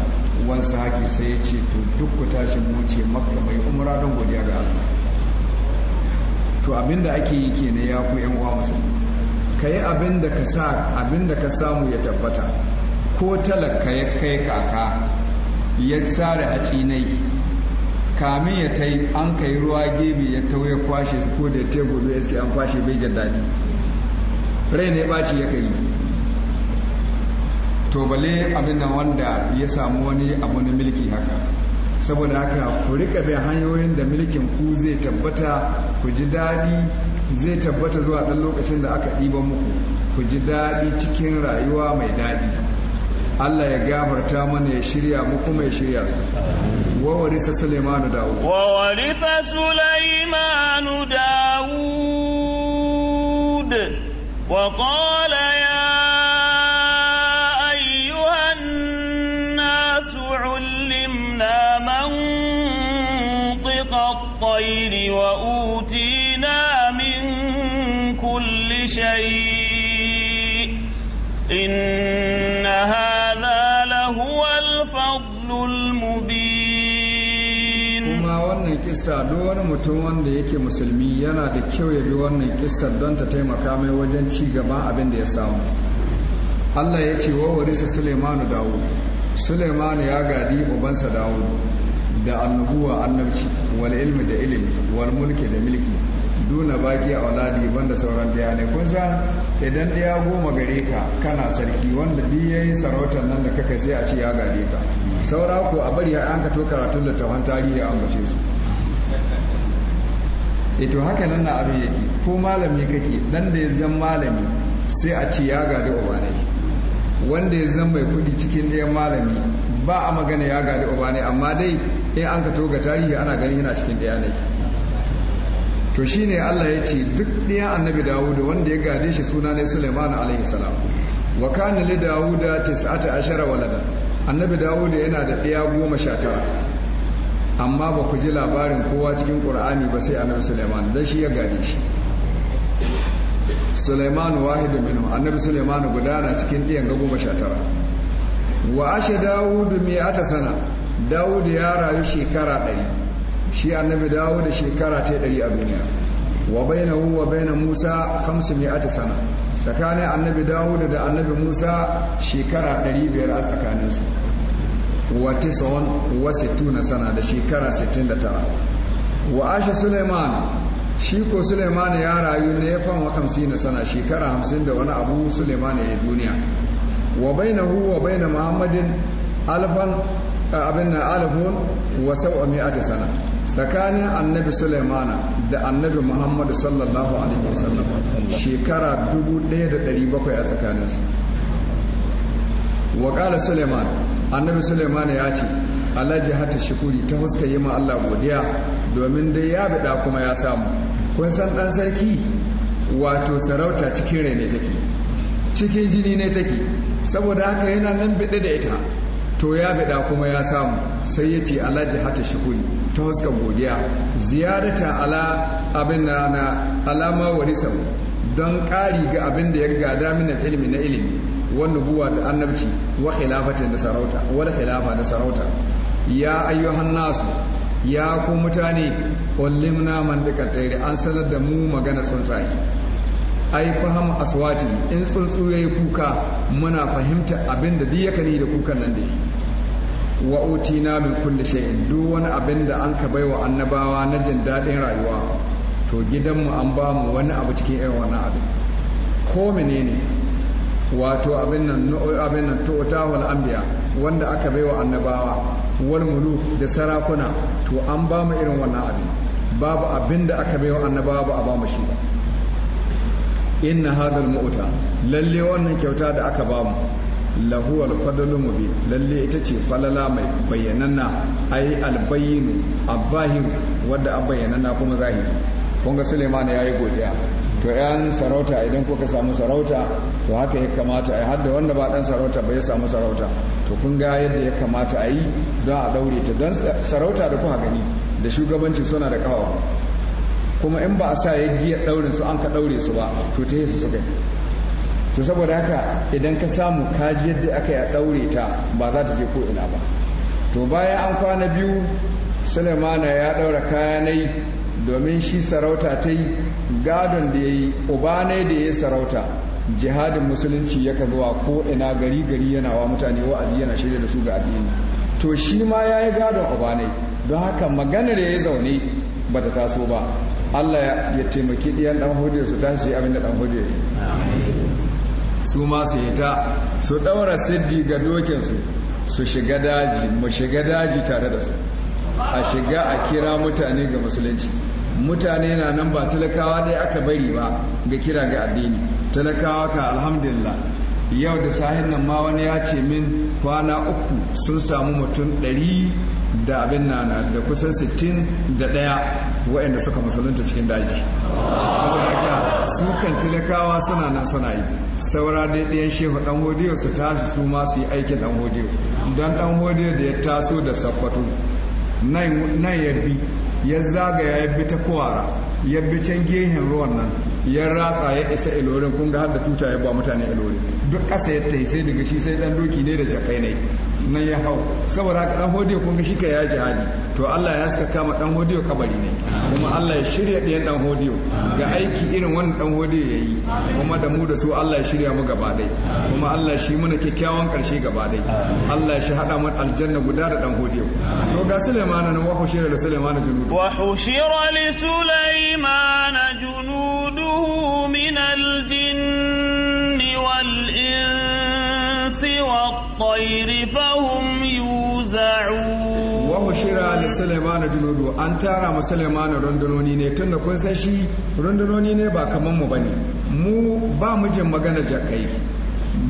uwansa haƙi sai ya ce to duk ku tashin mu ce makka mai umra don godiya ga Allah to abinda ake yi kenan ya ku yan uwa musulmi ka yi abinda ka sa da ka samu ya tabbata ko talaka ya kai kaka ya tsare hatsinai kamin ya ta an kai ruwa gebe ya tauye ya kwashe ko da ya gobe ya an kwashe bai jin daɗi rai ne ɓaci ya kai to bale abin nan wanda ya samu wani abu na milki haka saboda haka ku rika bin hanyoyin da milkin ku zai tabbata ku ji daɗi zai tabbata zuwa ɗan lokacin da aka ɗiba muku ku ji daɗi cikin rayuwa mai daɗi Allah ya gafarta mana ya shirya mu kuma ya shirya su wa warisa Sulaiman Dawud wa warisa Sulaiman Dawud wa qala yasa duk wani mutum wanda yake musulmi yana da kyau ya bi wannan kissar don ta taimaka mai wajen ci gaba abin da ya samu Allah ya ce wawari su sulemanu Dawud sulemanu ya gadi ubansa Dawud da annabuwa annabci wal ilmi da ilimi wal mulki da milki. duna baki a waladi banda sauran daya ne kun san idan ya goma gare ka kana sarki wanda duk yayi sarautar nan da kaka sai a ce ya gade ka saura ko a bari an ka to karatun littafan tarihi a bace su E to haka nan na abin yake ko malami kake dan da ya zan malami sai a ce ya gadi ubanai wanda ya zan mai kudi cikin ɗayan malami ba a magana ya gadi ubanai amma dai in an ka toga tarihi ana ganin yana cikin ɗaya ne to shine Allah ya ce duk ɗaya annabi Dawud wanda ya gade shi suna ne Sulaiman alaihi salam wa kana li Dawud 19 walada annabi Dawud yana da ɗaya goma sha tara amma ba ku ji labarin kowa cikin ƙura'ani ba sai annabi suleiman don shi ya gane shi suleiman wahidu minu annabi suleiman guda na cikin ɗiyan ga goma sha tara wa ashe dawudu mai ata sana dawudu ya rayu shekara ɗari shi annabi dawudu shekara ta ɗari a duniya wa hu wa baina musa hamsin mai ata sana tsakanin annabi dawudu da annabi musa shekara ɗari biyar a tsakaninsu wa tis'un wa sittuna sana da shekara 69 wa asha Suleiman shi ko Suleiman ya rayu ne fan wa 50 sana shekara 50 da wani abu Suleiman ya duniya wa bainahu wa na Muhammadin alfan abin alfun wa sab'a ta sana tsakanin annabi Suleimana da annabi Muhammadu sallallahu alaihi wasallam shekara 1700 a tsakaninsu wa qala Suleiman annabi suleiman ya ce alhaji hata shukuri ta huska yi ma allah godiya domin dai ya bida kuma ya samu kun san dan sarki wato sarauta cikin rai ne take cikin jini ne take saboda haka yana nan bida da ita to ya bida kuma ya samu sai ya ce alhaji hata shukuri ta fuska godiya ziyarata ala abin na alama warisau don ƙari ga abin da ya gada mini ilimi na ilimi wannan buwa da annabci wa khilafatin da sarauta khilafa da sarauta ya ayyuhan nasu ya ku mutane ullimna man duka tsaye an sanar da mu magana tsuntsaye ai fahimu aswati in tsuntsu yayi kuka muna fahimta abin da duk yakani da kukan nan da wa utina min kulli shay'in duk wani abin da an ka baiwa annabawa na jin daɗin rayuwa to gidanmu an ba mu wani abu cikin irin wannan abin ko menene wato abin nan abin nan wal anbiya wanda aka baiwa annabawa wal muluk da sarakuna to an ba mu irin wannan abin babu abin da aka baiwa annabawa ba a ba mu shi ba inna hadal mu'ta lalle wannan kyauta da aka ba mu lahu fadlu mubin lalle ita ce falala mai bayyananna ai bayyin abahir wanda abayyananna kuma zahiri kun ga Suleiman yayi godiya to yan sarauta idan kuka samu sarauta to haka ya kamata a hadda wanda ba dan sarauta ba ya samu sarauta to kun ga yadda ya kamata a yi don a daure ta don sarauta da kuka gani da shugabanci suna da kawo kuma in ba a sa ya giya daurin su an ka daure su ba to ta su suka to saboda haka idan ka samu kaji yadda aka ya daure ta ba za ta je ko ina ba to bayan an kwana biyu Sulemana ya daura kayanai domin shi sarauta ta yi gadon da ya yi uba da ya yi sarauta jihadin musulunci ya zuwa ko ina gari gari yana wa mutane wa'azi yana shirya da su ga addini to shi ma ya yi gadon uba don haka maganar ya yi zaune ba ta taso ba Allah ya taimaki ɗiyan ɗan hudu su ta tashi abin da ɗan hudu ya yi su ma su ta su ɗaura siddi ga dokinsu su shiga daji mu shiga daji tare da su a shiga a kira mutane ga musulunci mutane na nan ba talakawa dai aka bari ba ga kira ga addini talakawa ka alhamdulillah yau da sahin nan ma wani ya ce min kwana uku sun samu mutum ɗari da abin nana da kusan sittin da ɗaya waɗanda suka musulunta cikin daji su kan talakawa suna nan suna yi saura dai ɗayan shehu ɗan hodiyo su tashi su masu yi aikin ɗan hodiyo don ɗan hodiyo da ya taso da sakwato nan ya bi ya zagaya ya bi ta kowara ya bi can gehen ruwan nan ya ratsa ya isa ilorin kun ga har da tuta ya ba mutane ilorin duk ƙasa ya yi sai daga shi sai dan doki ne da shakai ne nan ya hau saboda haka dan hodiyo kun ga shi ka ya jihadi to Allah ya haska kama dan hodiyo kabari ne kuma Allah ya shirya ɗayan dan hodiyo ga aiki irin wannan dan hodiyo ya yi kuma da mu da su Allah ya shirya mu gaba ɗai kuma Allah shi mana kyakkyawan karshe gaba ɗai Allah shi haɗa mun aljanna guda da dan hodiyo to ga Sulaiman nan wa hushira li Sulaiman junudu wa hushira li Sulaiman junuduhu min al والإنس والطير فهم يوزعون وحشر لسليمان جنوده أن ترى مسلمان رندنوني ne tunda kun san shi rundunoni ne ba kaman mu bane mu ba mu jin magana jakai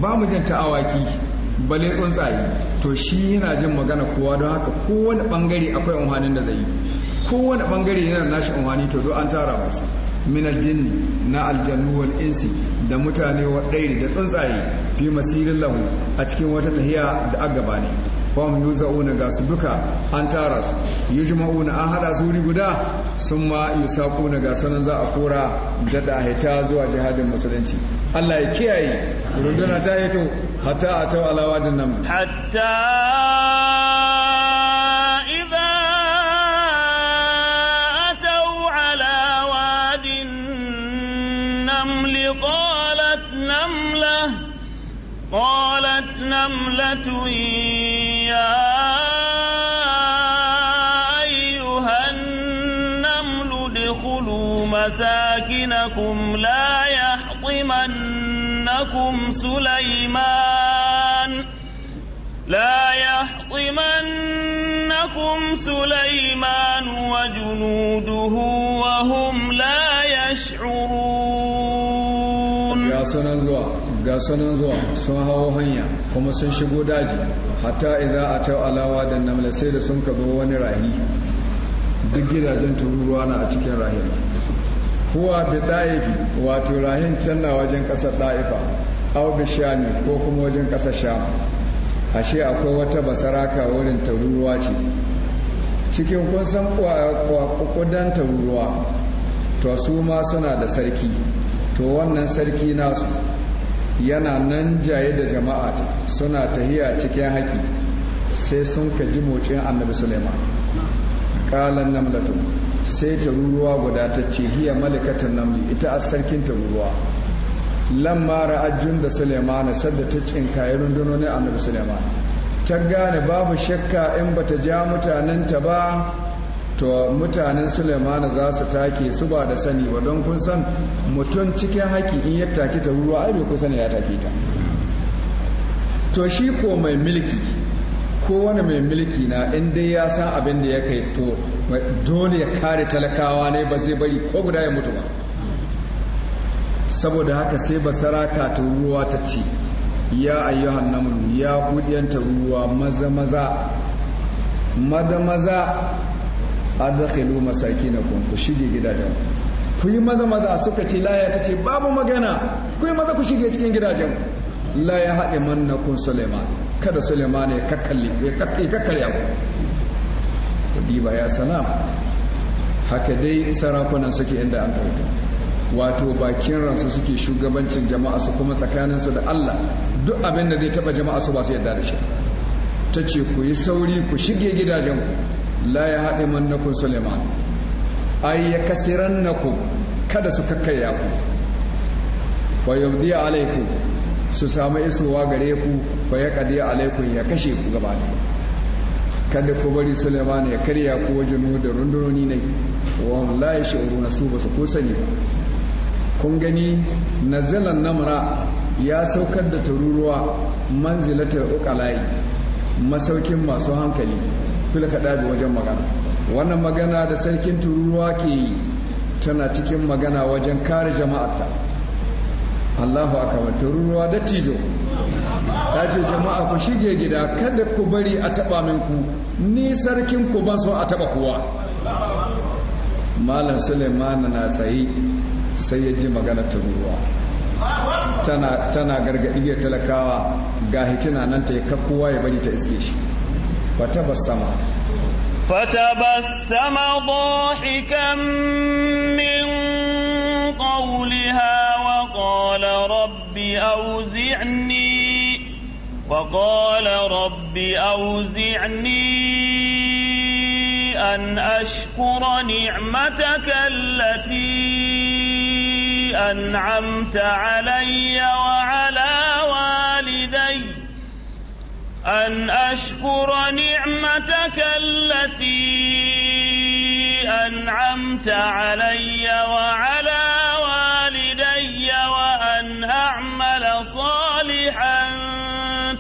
ba mu jin ta'awaki bale tsuntsaye to shi yana jin magana kowa don haka kowane bangare akwai umhanin da zai yi kowane bangare yana nashi umhani to do an tara masu min aljinni na aljannu wal insi da mutane waɗai da tsuntsaye fi masirin lahu a cikin wata tahiya da agaba ne fam yuza'una ga su duka an tara su yujma'una an hada su wuri guda sun ma na ga sanan za a kora da dahita zuwa jihadin musulunci Allah ya kiyaye runduna ta hito hatta atau alawadin nan hatta قالت نملة يا أيها النمل ادخلوا مساكنكم لا يحطمنكم سليمان لا يحطمنكم سليمان وجنوده وهم لا يشعرون يا سنن ga sanin zuwa sun hawo hanya kuma sun shigo daji hatta a atau alawa da namla sai da sun kabo wani rahi duk gidajen tururuwa na a cikin rahin kuwa bi da'ifi wato rahin canna wajen kasar da'ifa aw bi shani ko kuma wajen kasar sham ashe akwai wata basaraka wurin taruruwa ce cikin kun san kudan taruruwa to su ma suna da sarki to wannan sarki nasu yana nan jaye da jama'a suna tahiya cikin haƙi sai sun ka ji motsin annabi suleiman ƙalan namlatu sai taruruwa guda ta ce hiya malikatan namli ita a sarkin Lan mara ajin da suleiman sadda ta cinkaye rundunonin annabi suleiman ta gane babu shakka in bata ja mutanen ta ba to mutanen Sulemana za su take su ba da sani ba don kun san mutum cikin haƙi in ya take ta ruwa ai bai kusa ne ya take ta to shi ko mai milki ko wani mai milki na in dai ya san abin da ya kai to dole ya kare talakawa ne ba zai bari ko guda ya mutu ba saboda haka sai basaraka ta ruwa ta ce ya ayyuhan namlu ya kudiyanta ruwa maza maza maza maza adakhilu masakinakum ku shige gidajen ku yi maza maza suka ce laya ta ce babu magana ku yi maza ku shige cikin gidajen la ya haɗe mannakun suleiman kada suleiman ya kakkarya ku ku diba ya sana haka dai sarakunan suke inda an kai wato bakin ransu suke shugabancin jama'a su kuma tsakaninsu da Allah duk abin da zai taba jama'a su ba su yarda da shi ta ce ku yi sauri ku shige gidajenku la ya haɗe mannakun suleiman ai ya kasiran na ku kada su kakkaya ku wa yabdiya alaiku su samu isowa gare ku fa ya kadiya alaiku ya kashe ku gaba ne kada ku bari suleiman ya karya ku wajen da rundunoni ne wallahi shi'uru na su ba su ko sani ba kun gani nazalan namra ya saukar da tururuwa manzilatar ukala'i masaukin masu hankali fil khadabi wajen magana wannan magana da sarkin tururuwa ke yi tana cikin magana wajen kare jama'arta Allahu akbar tururuwa da tijo ta ce jama'a ku shige gida kada ku bari a taba minku ni sarkin ku ban so a taba kuwa. malam suleiman na tsaye sai ya ji magana tururuwa tana gargaɗi ya talakawa ga hitina nan ta yi kakkowa ya bari ta iske shi فتبسم فتبسم ضاحكا من قولها وقال رب أوزعني وقال رب أوزعني أن أشكر نعمتك التي أنعمت علي وعلى أن أشكر نعمتك التي أنعمت علي وعلى والدي وأن أعمل صالحا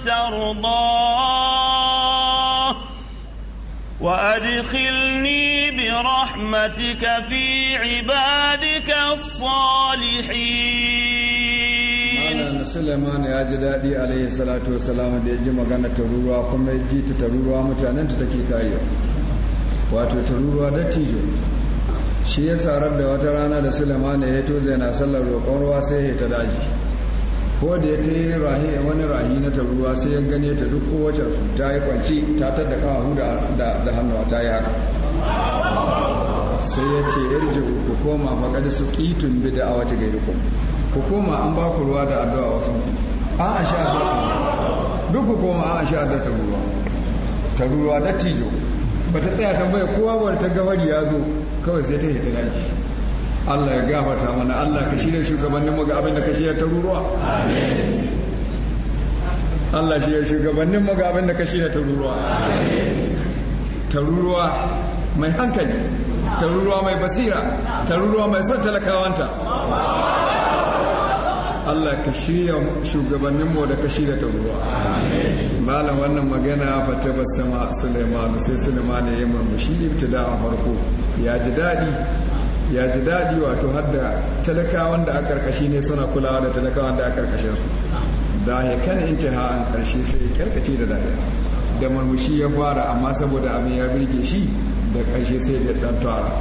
ترضاه وأدخلني برحمتك في عبادك الصالحين Suleiman ya ji daɗi alaihi salatu salama da ya ji magana ta ruruwa kuma ya ji ta ruruwa mutanen ta take kayo wato da dattijo shi ya sarar da wata rana da Suleiman ya to zai na sallar roƙon ruwa sai ya ta daji ko da ya ta yi rahi wani rahi na ruruwa sai ya gane ta duk kowace su ta yi kwanci ta da kawahu da hannuwa ta yi haka sai ya ce irji ku koma faƙar su ƙitun bida a wata gairukun ku koma an ba ku ruwa da addu'a wasu an a sha ta duk ku koma an a sha da ta ruwa ta ruwa da tijo ba ta tsaya tambaya kowa ba ta gabari ya zo kawai sai ta yi ta daji Allah ya gafarta mana Allah ka shirya shugabannin mu ga abin da ka shirya ta ruwa Allah shi ya shugabannin mu ga abin da ka shirya ta ruwa ta ruwa mai hankali ta ruwa mai basira ta ruwa mai son talakawanta Allah ka shirya shugabanninmu da ka shirya ta ruwa malam wannan magana ba ta basama Sulaiman sai Sulaiman ya yi murmushi ibtida a farko ya ji daɗi ya ji dadi wato har da talakawan da a karkashi ne suna kulawa da talakawan da a ƙarƙashin su da ya kan intaha an ƙarshe sai ya karkace da dadi da murmushi ya fara amma saboda abin ya birge shi da ƙarshe sai ya ɗan tara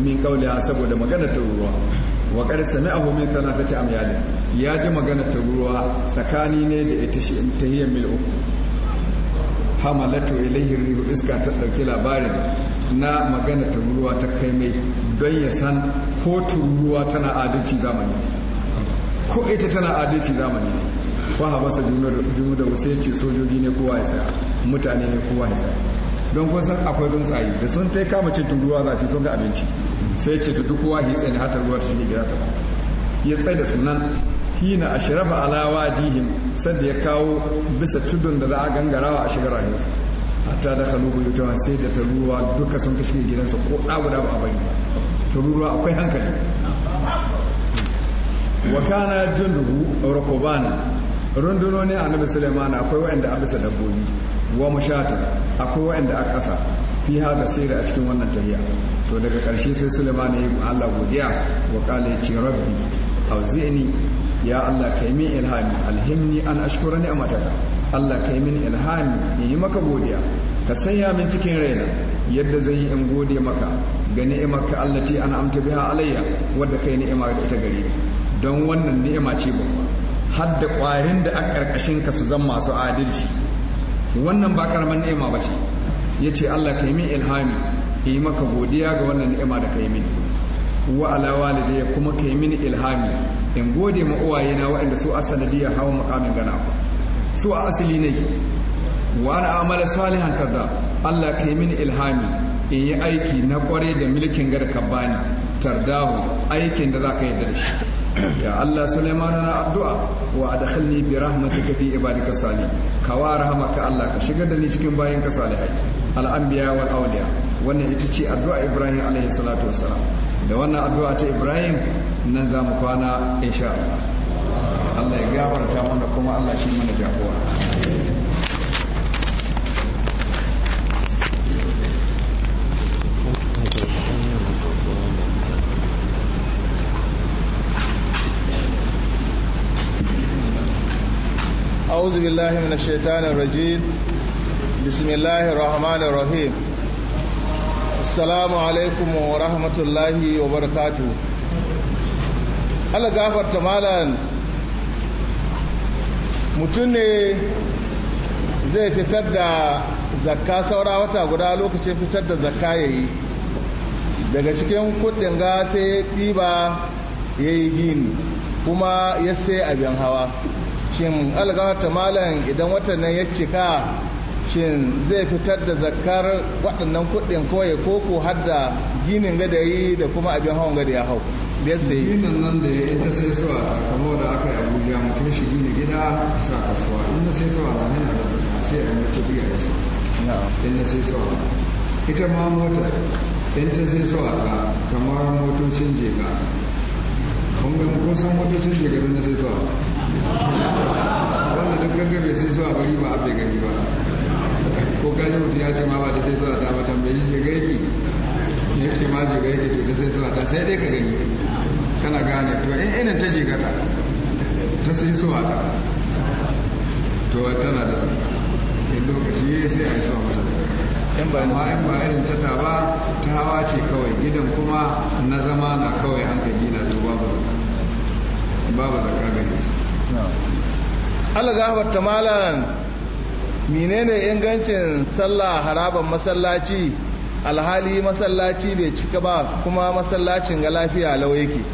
min ƙauliya saboda magana ta ruwa wa qad sami'ahu min thalathati amyal ya ji magana ta ruwa tsakani ne da ita shi tahiyyan mil uku hamalatu ilayhi ruhu iska ta dauki labarin na magana ta ruwa ta kai mai don ya san ko ruwa tana adalci zamani ko ita tana adalci zamani ko ha masa juna da wasu yace sojoji ne kowa ya tsaya mutane ne kowa ya tsaya don kun san akwai tsuntsaye da sun tai kama cin turuwa za su sun ga abinci sai ce ta duk kowa ya tsaye har ruwa ta shige gida ta ku. ya tsaye da sunan hina ashrafa ala wadihim sadda ya kawo bisa tudun da za a gangarawa a shigar A ta da kalu buyutan sai da ta ruwa duka sun kashe gidansa ko da guda ba a bari ta ruwa akwai hankali wa kana jundubu rukuban rundunonin annabi sulaiman akwai wa'anda a bisa dabbobi wa mashata akwai waɗanda a ƙasa fi da sirri a cikin wannan tahiya to daga ƙarshe sai suleiman ya yi Allah godiya wa qala ya ce rabbi auzi'ni ya Allah kai min ilhami alhimni an ashkura ni'mataka Allah kai min ilhami in yi maka godiya ka sanya min cikin raina yadda zan yi in gode maka ga Allah ta an amta biha alayya wadda kai ni'ima da ita gare don wannan ni'ima ce babba har da ƙwarin da a ƙarƙashin ka su zama masu adalci wannan ba karamar ni'ima ba ce ya ce Allah ka yi min ilhami yi maka godiya ga wannan ni'ima da ka yi min wa ala ya kuma ka yi min ilhami in gode ma na waɗanda su asanadiya hawa makamin gana ku. su a asali ne wa ana amala salihan tarda Allah ka yi min ilhami in yi aiki na kware da milkin garka bani tardahu aikin da za ka yarda da shi ya Allah Sulaiman na addu'a wa adkhilni bi rahmatika fi ibadika salih ka wa rahmaka Allah ka shiga da ni cikin bayin ka salihai al anbiya wal awliya wannan ita ce addu'a Ibrahim alaihi salatu wassalam da wannan addu'a ta Ibrahim nan za mu kwana insha Allah Allah ya gafarta mana kuma Allah shi mana jagora أعوذ بالله من الشيطان الرجيم بسم الله الرحمن الرحيم السلام عليكم ورحمة الله وبركاته Allah gafarta malan mutum ne zai fitar da zakka saura wata guda lokacin fitar da zakka ya yi daga cikin kudin ga sai ɗiba ya yi gini kuma ya sai abin hawa shin algawata malam idan watan nan ya cika shin zai fitar da zakar waɗannan kuɗin kawai koko har da ginin gada yi da kuma abin hawan gada ya hau da sai ginin nan da ya ita sai suwa takamo da aka yi abubuwa mutum shi gina gida sa kasuwa inda sai suwa na hana da sai a yi ta biya da su inda sai suwa ita ma mota in ta sai suwa ta kamar motocin jega kun ga kusan motocin jega sai suwa wanda duk ganga bai sai suwa bari ba fi gani ba ko kaji mutu ya ce ma ba ta sai suwa ta ba tambayi je gaiki yake ya ce ma je gaiki to ta sai suwa ta sai dai ka gani kana gane to in ina ta je gata ta sai suwa ta to tana da in lokaci sai a yi suwa mata amma in ba irin ta ba ta hawa ce kawai gidan kuma na zama na kawai hankali na to babu zaka babu zaka su Allah gafarta malam menene ingancin sallah haraban masallaci alhali masallaci bai cika ba kuma masallacin ga lafiya lau yake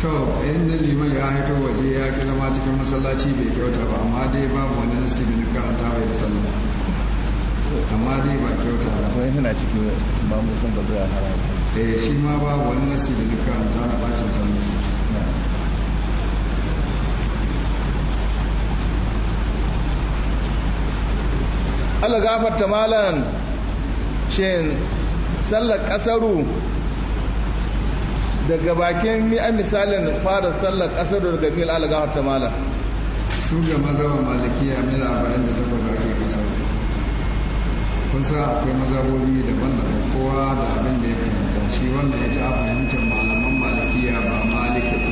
to inda liman ya haito waje ya ga zama cikin masallaci bai kyauta ba amma dai babu wani nasibi na karanta bai sallah amma dai ba kyauta ba to yana cikin ba mu san ba zai haramu eh shi ma ba wani nasibi na karanta na bacin sallah Allah gafarta malam shin sallar kasaru daga bakin an misalin fara sallar kasaru daga mil Allah gafarta malam su ga mazhabar malikiya mil 48 ake kasaru kun sa akwai mazhabobi daban da kowa da abin da ya fahimta shi wannan ya ci a fahimtar malaman malikiya ba maliki ba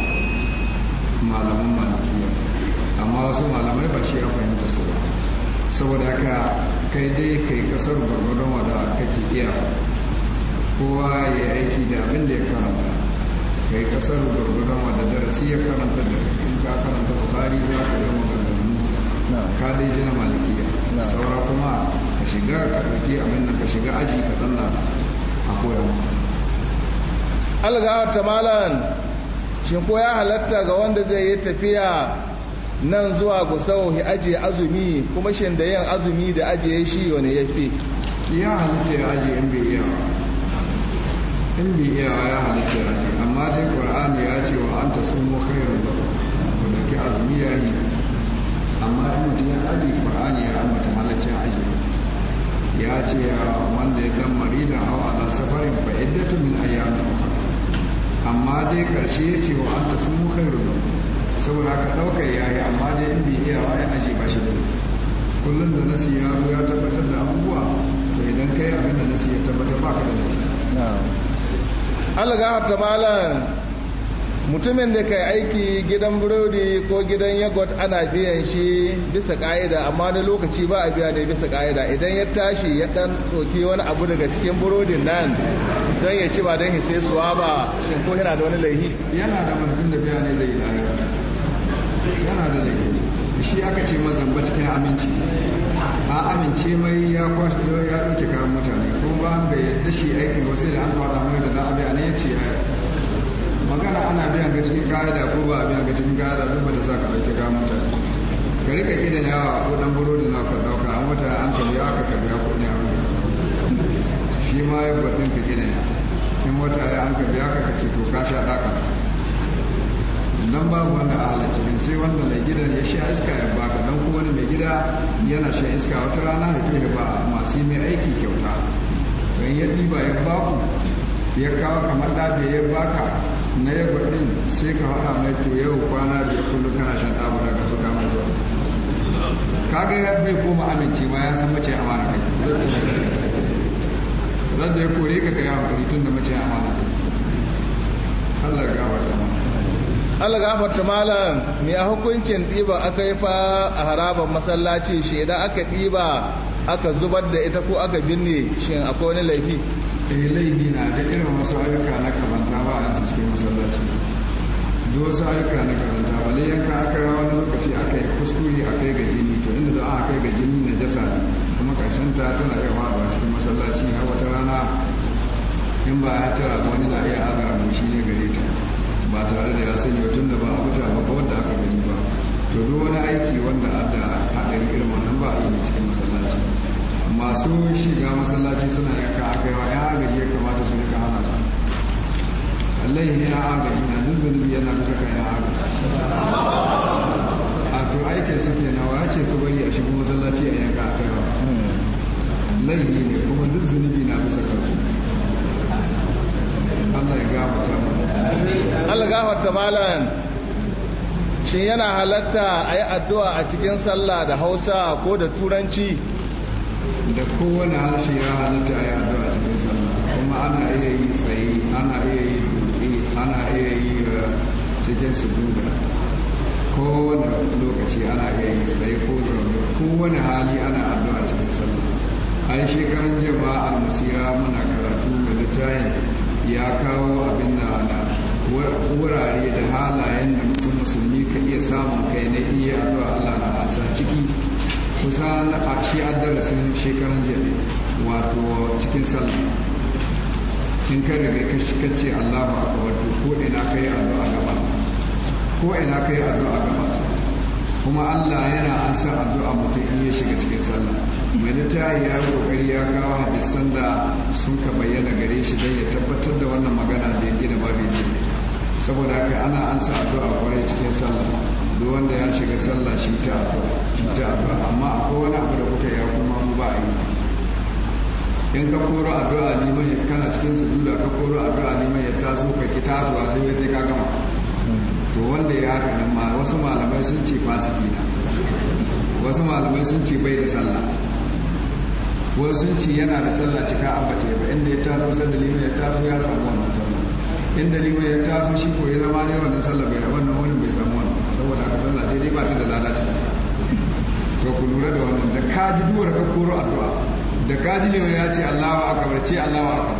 malaman malikiya amma wasu malamai ba shi a fahimta su saboda ka kai dai kai kasar gwargwadon wada kake iya kowa ya aiki da abin da ya karanta kai kasar gwargwadon wada darasi ya karanta da in ka karanta bukari za ka zama gwargwadon ka dai jina malikiya saura kuma ka shiga ka ɗauki abin da ka shiga aji ka tsalla a koya alga malan shi ko ya halatta ga wanda zai yi tafiya nan zuwa ku sauhi aje azumi kuma shin da yin azumi da aje shi wani ya fi ya halitta ya aje in bai iya in bai iya ya halitta ya aje amma dai ƙwar'ani ya ce wa anta sumu khairun lakum ba da ke azumi ya yi amma in ji ya aje ƙwar'ani ya ambata halaccin aje ya ce wanda ya dan da aw ala safarin fa iddatu min ayyamin ukhra amma dai karshe ya ce wa sun mu khairun lakum saboda ka ɗaukar ya yi amma dai in bai iya ya aje ba shi dole kullum da nasi ya zo ya tabbatar da abubuwa to idan kai abin da nasi ya tabbatar ba ka da laifi alga ta malam mutumin da kai aiki gidan burodi ko gidan yagot ana biyan shi bisa ka'ida amma na lokaci ba a biya ne bisa ka'ida idan ya tashi ya dan ɗauki wani abu daga cikin burodin nan don ya ci ba don hisse suwa ba shin ko yana da wani laihi yana da mutum da biya ne da ilahi yana da zai shi aka ce mazamba cikin aminci a amince mai ya kwashe ya ɗauke kayan mutane kuma ba bai yadda shi aikin ba sai da an fara mai da za a ne ya ce magana ana biyan ga cikin ka'ida ko ba a biyan ga cikin ka'ida duk bata sa ka ɗauke kayan mutane ka rika kidan yawa ko dan burodi na ka ɗauka a mota an ka biya aka ka biya kuɗi a mota shi ma ya gwadin ka kidan in mota ya an ka biya ka ka ce to ka sha ɗaka nan babu wanda a halarci ne sai wanda mai gidan ya sha iska ya baka don kuma wani mai gida yana sha iska wata rana ya ke ba masu mai aiki kyauta don ya ba ya baku ya kawo kamar ɗabe ya baka na ya gwaɗi sai ka haɗa mai to yau kwana biyu kullum kana shan ɗabu daga su kama zuwa kaga ya bai koma amince ma ya san mace amana kai zan da kore ka kai hankali tun da mace amana kai. algafarta malam me a hukuncin ɗiba aka yi fa a harabar masallaci shi idan aka ɗiba aka zubar da ita ko aka binne shin akwai wani laifi eh laifi na da irin wasu ayyuka na kazanta ba a cikin masallaci da wasu ayyuka na kazanta ba lai yanka aka yi wani lokaci aka yi kuskure aka yi ga jini to inda da aka yi ga jini na jasa kuma karshen ta tana iya faruwa cikin masallaci har wata rana in ba ya tara wani na iya aga a shi ne gare ta ba tare da ya sani ba tun da ba a fita ba wanda aka gani ba to duk wani aiki wanda da haɗari irin wannan ba a yi cikin masallaci masu shiga masallaci suna ka aka yawa ya gaji ya kamata su rika hana su Allah ne ya agaji na duk zunubi yana bisa ka ya agaji a to aikin su ke nawa ce su bari a shigo masallaci a yanka aka yawa laifi ne kuma duk zunubi na bisa kansu Allah ya gafarta malayan. Allah gafarta malan shin yana halatta a yi addu'a a cikin sallah da hausa ko da turanci da kowane harshe ya halatta a yi addu'a a cikin sallah kuma ana iya yi tsaye ana iya yi duke ana iya yi eh, cikin sujuda kowane lokaci ana iya yi tsaye ko zaune kowane hali ana addu'a a cikin sallah ai shekaran jama'a musira muna karatu da littafin ya kawo abin da wurare da halayen da mutum musulmi ka iya samun kai na iya addu'a Allah na asa ciki kusa na a shi addarasin shekaran jiya wato cikin sallah in ka riga ka shi a Allahu akbar ko ina kai addu'a gaba ko ina kai addu'a mata kuma Allah yana an san addu'a mutum in ya shiga cikin sallah mai littafi ya yi kokari ya kawo hadisan da sun ka bayyana gare shi don ya tabbatar da wannan magana da ya gina babin jini saboda haka ana an sa addu'a kwarai cikin sallah duk wanda ya shiga sallah shi ta addu'a amma akwai wani abu da kuka ya kuma mu ba a yi in ka koro addu'a liman kana cikin sujuda ka koro addu'a liman ya taso ka ki tasowa sai sai ka gama to wanda ya haka nan ma wasu malamai sun ce fasiki na wasu malamai sun ce bai da sallah wasu sun ce yana da sallah cika bace ba inda ya taso sallah liman ya taso ya samu wannan sallah inda liman ya taso shi ko ya zama ne wannan sallah bai wannan wani bai samu wannan saboda haka sallah dai ba ta da lada to ku lura da wannan da ka ji duwar ka koro addu'a da ka ji liman ya ce Allahu akbar ce Allahu akbar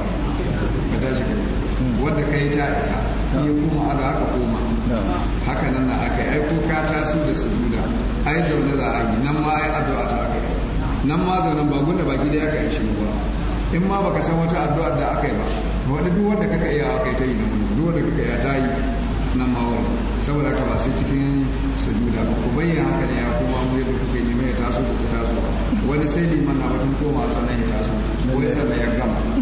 ka tashi kai wanda kai ta isa ni kuma ada haka koma haka nan na aka yi ai ko su taso da sujuda ai zaune za a yi nan ma ai addu'a ta aka yi nan ma zaunen ba gunda baki da aka yi shi ba in ma baka san wata addu'a da aka yi ba wani duk wanda kaka iya aka yi ta yi nan duk wanda kaka iya ta yi nan ma wani saboda ka ba sai cikin sujuda ba ku bayyana haka ne ya kuma mu yadda kuke neman ya taso ku taso wani sai liman na batun koma sannan ya taso ko ya sannan ya gama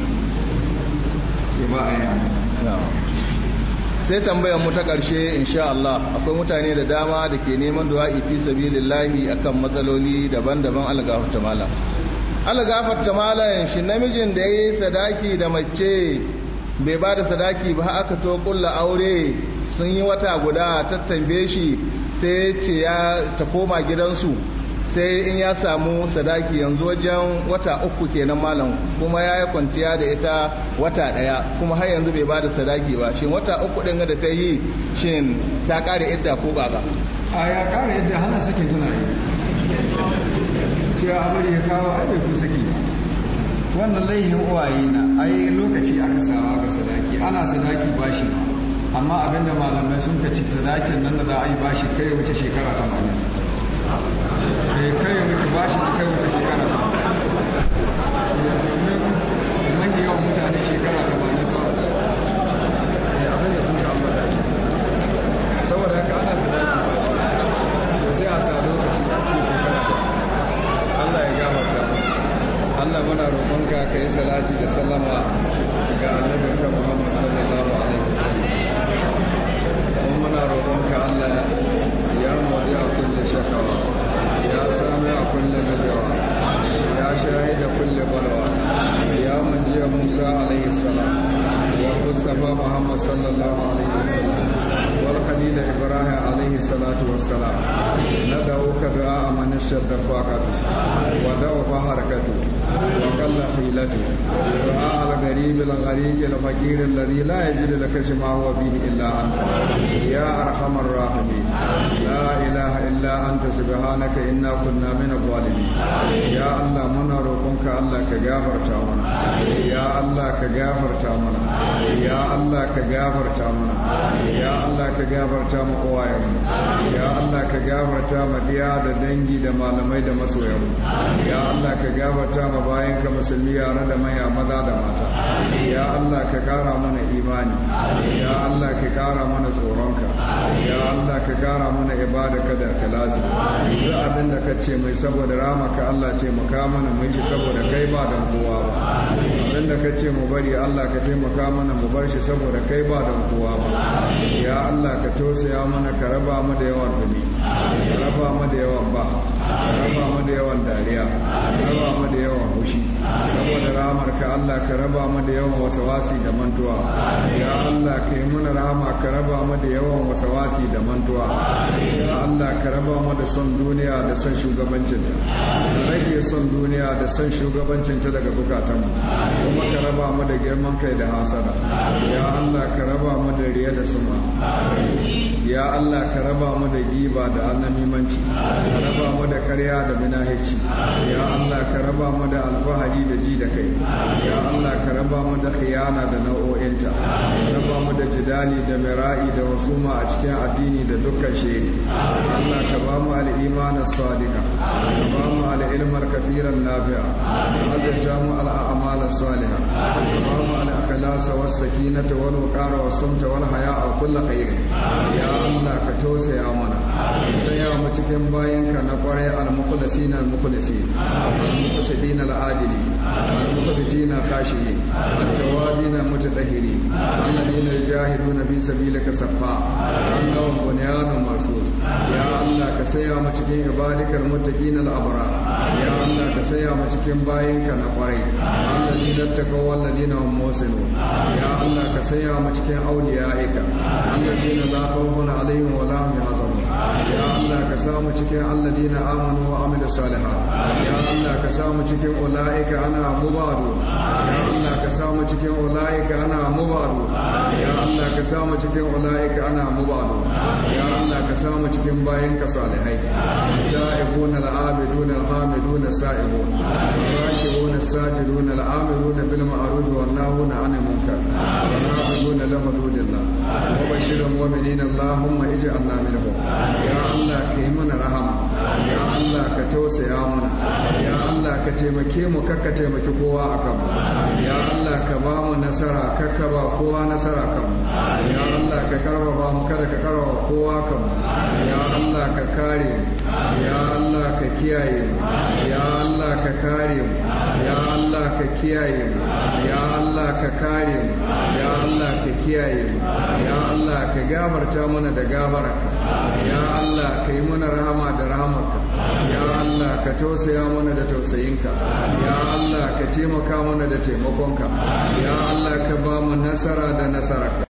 ke ba a yi haka sai tambayar mu ta karshe insha Allah akwai mutane da dama da ke neman du'a'i fi sabilillahi akan matsaloli daban-daban algafar tamala algafar tamala shi namijin da yayi sadaki da mace bai ba da sadaki ba aka to kulla aure sun yi wata guda ta tambaye shi sai ce ya ta koma gidansu sai in ya samu sadaki yanzu wajen wata uku kenan malam kuma ya yi kwanciya da ita wata daya kuma har yanzu bai bada sadaki ba shin wata uku din da ta yi shin ta kare idda ko ba ba a ya kare idda hana sakin tana yi cewa amur ya kawo ai bai ku saki wannan laihin uwaye na ai lokaci aka sawa ga sadaki ana sadaki bashi amma abinda malamai sun ka ci sadakin nan da za a yi bashi kai wuce shekara tamanin Eh, kai wuce bashi kai wuce shekara annabi Musa alaihi salam wa Mustafa Muhammad sallallahu alaihi wasallam wal khalil Ibrahim alaihi salatu wassalam nad'uka du'a man shaddaqaka wa da'u faharkatu wa kalla hilatu du'a al gharib al gharib al faqir alladhi la yajidu laka huwa bihi illa anta ya arhamar rahimin la ilaha illa anta subhanaka inna kunna min adh-dhalimin ya Allah muna roƙonka Allah ka gafarta mana ya Allah ka gafarta mana ya Allah ka gafarta mana ya Allah ka gafarta mu uwayen ya Allah ka gafarta mu diya da dangi da malamai da masoyan ya Allah ka gafarta mu bayan ka musulmi yare da maya maza da mata ya Allah ka kara mana imani ya Allah ka kara mana tsoronka ya Allah ka kara mana mana ibadaka da ikhlasi duk abin da ka ce mai saboda ramaka Allah ce maka mana mun shi saboda kai ba dan kowa ba abin da ka ce mu bari Allah ka ce maka mana mu bar shi saboda kai ba dan kowa ba ya Allah ka tausaya mana ka raba mu da yawan dumi ka raba mu da yawan ba ka raba mu da yawan dariya ka raba mu da yawan fushi saboda ramar ka Allah ka raba mu da yawan wasawasi da mantuwa ya Allah ka yi muna rama ka raba mu da yawan wasawasi da mantuwa ya Allah ka raba mu da son duniya da son shugabancinta ta rage son duniya da son shugabancinta daga bukatanmu kuma ka raba mu da girman kai da hasara. ya Allah ka raba mu da riya da suma ya Allah ka raba mu da giba da annamimanci ka raba mu da karya da minahici ya ka raba mu da alfahari da ji da kai ya Allah ka raba mu da khiyana da nau'o'inta raba mu da jidali da mira'i da husuma a cikin addini da dukkan shi Allah ka ba mu al-imanin salika ka ba mu al-ilmar kafiran nafi'a ka azurta mu al-a'mal salihah ka ba mu al-ikhlas was sakinata wal waqara was samta wal haya'a kullu khair ya Allah ka tausaya mana sanya mu cikin bayanka na kwarai al-mukhlisin al-mukhlisin al-muqsitin al-adili al-muqsitin khashiyin التوابين المتطهرين الذين يجاهدون في سبيلك صفا أنهم بنيان مرصوص يا الله كسيا متكين عبادك المتقين الأبرار يا الله كسيا متكين باينك نقري الذين اتقوا والذين هم موسنون يا الله كسيا متكين أوليائك الذين لا خوف عليهم ولا هم يحزنون يا الله كسام cikin alladina amanu wa amilu salihat ya Allah ka samu cikin ulaika ana mubadu ya Allah samu cikin ula'ika ana mubadu ya Allah ka sa samu cikin ula'ika ana mubadu ya Allah ka sa samu cikin bayan ka salihai ta'ibun al'abidun alhamidun sa'ibun rakibun sajidun al'amilun bil ma'ruf wan nahun 'anil munkar rabun lahududillah wa bashiril mu'minin allahumma ij'alna minhum ya Allah kai mana rahama ya Allah ka tausaya mana ya Allah ka taimake mu kakka taimaki kowa a kanmu ya Allah ka ba mu nasara kakka ba kowa nasara kanmu ya Allah ka karfafa mu kada ka karfafa kowa kanmu ya Allah ka kare mu ya Allah ka kiyaye mu ya Allah ka kare mu ya Allah ka kiyaye mu ya Allah ka kare mu ya Allah ka kiyaye mu ya Allah ka gafarta mana da gafararka ya Allah ka yi mana rahama da rahamarka ya Allah ka tausaya mana da tausayinka ya Allah ka taimaka mana da taimakonka ya Allah ka ba mu nasara da nasararka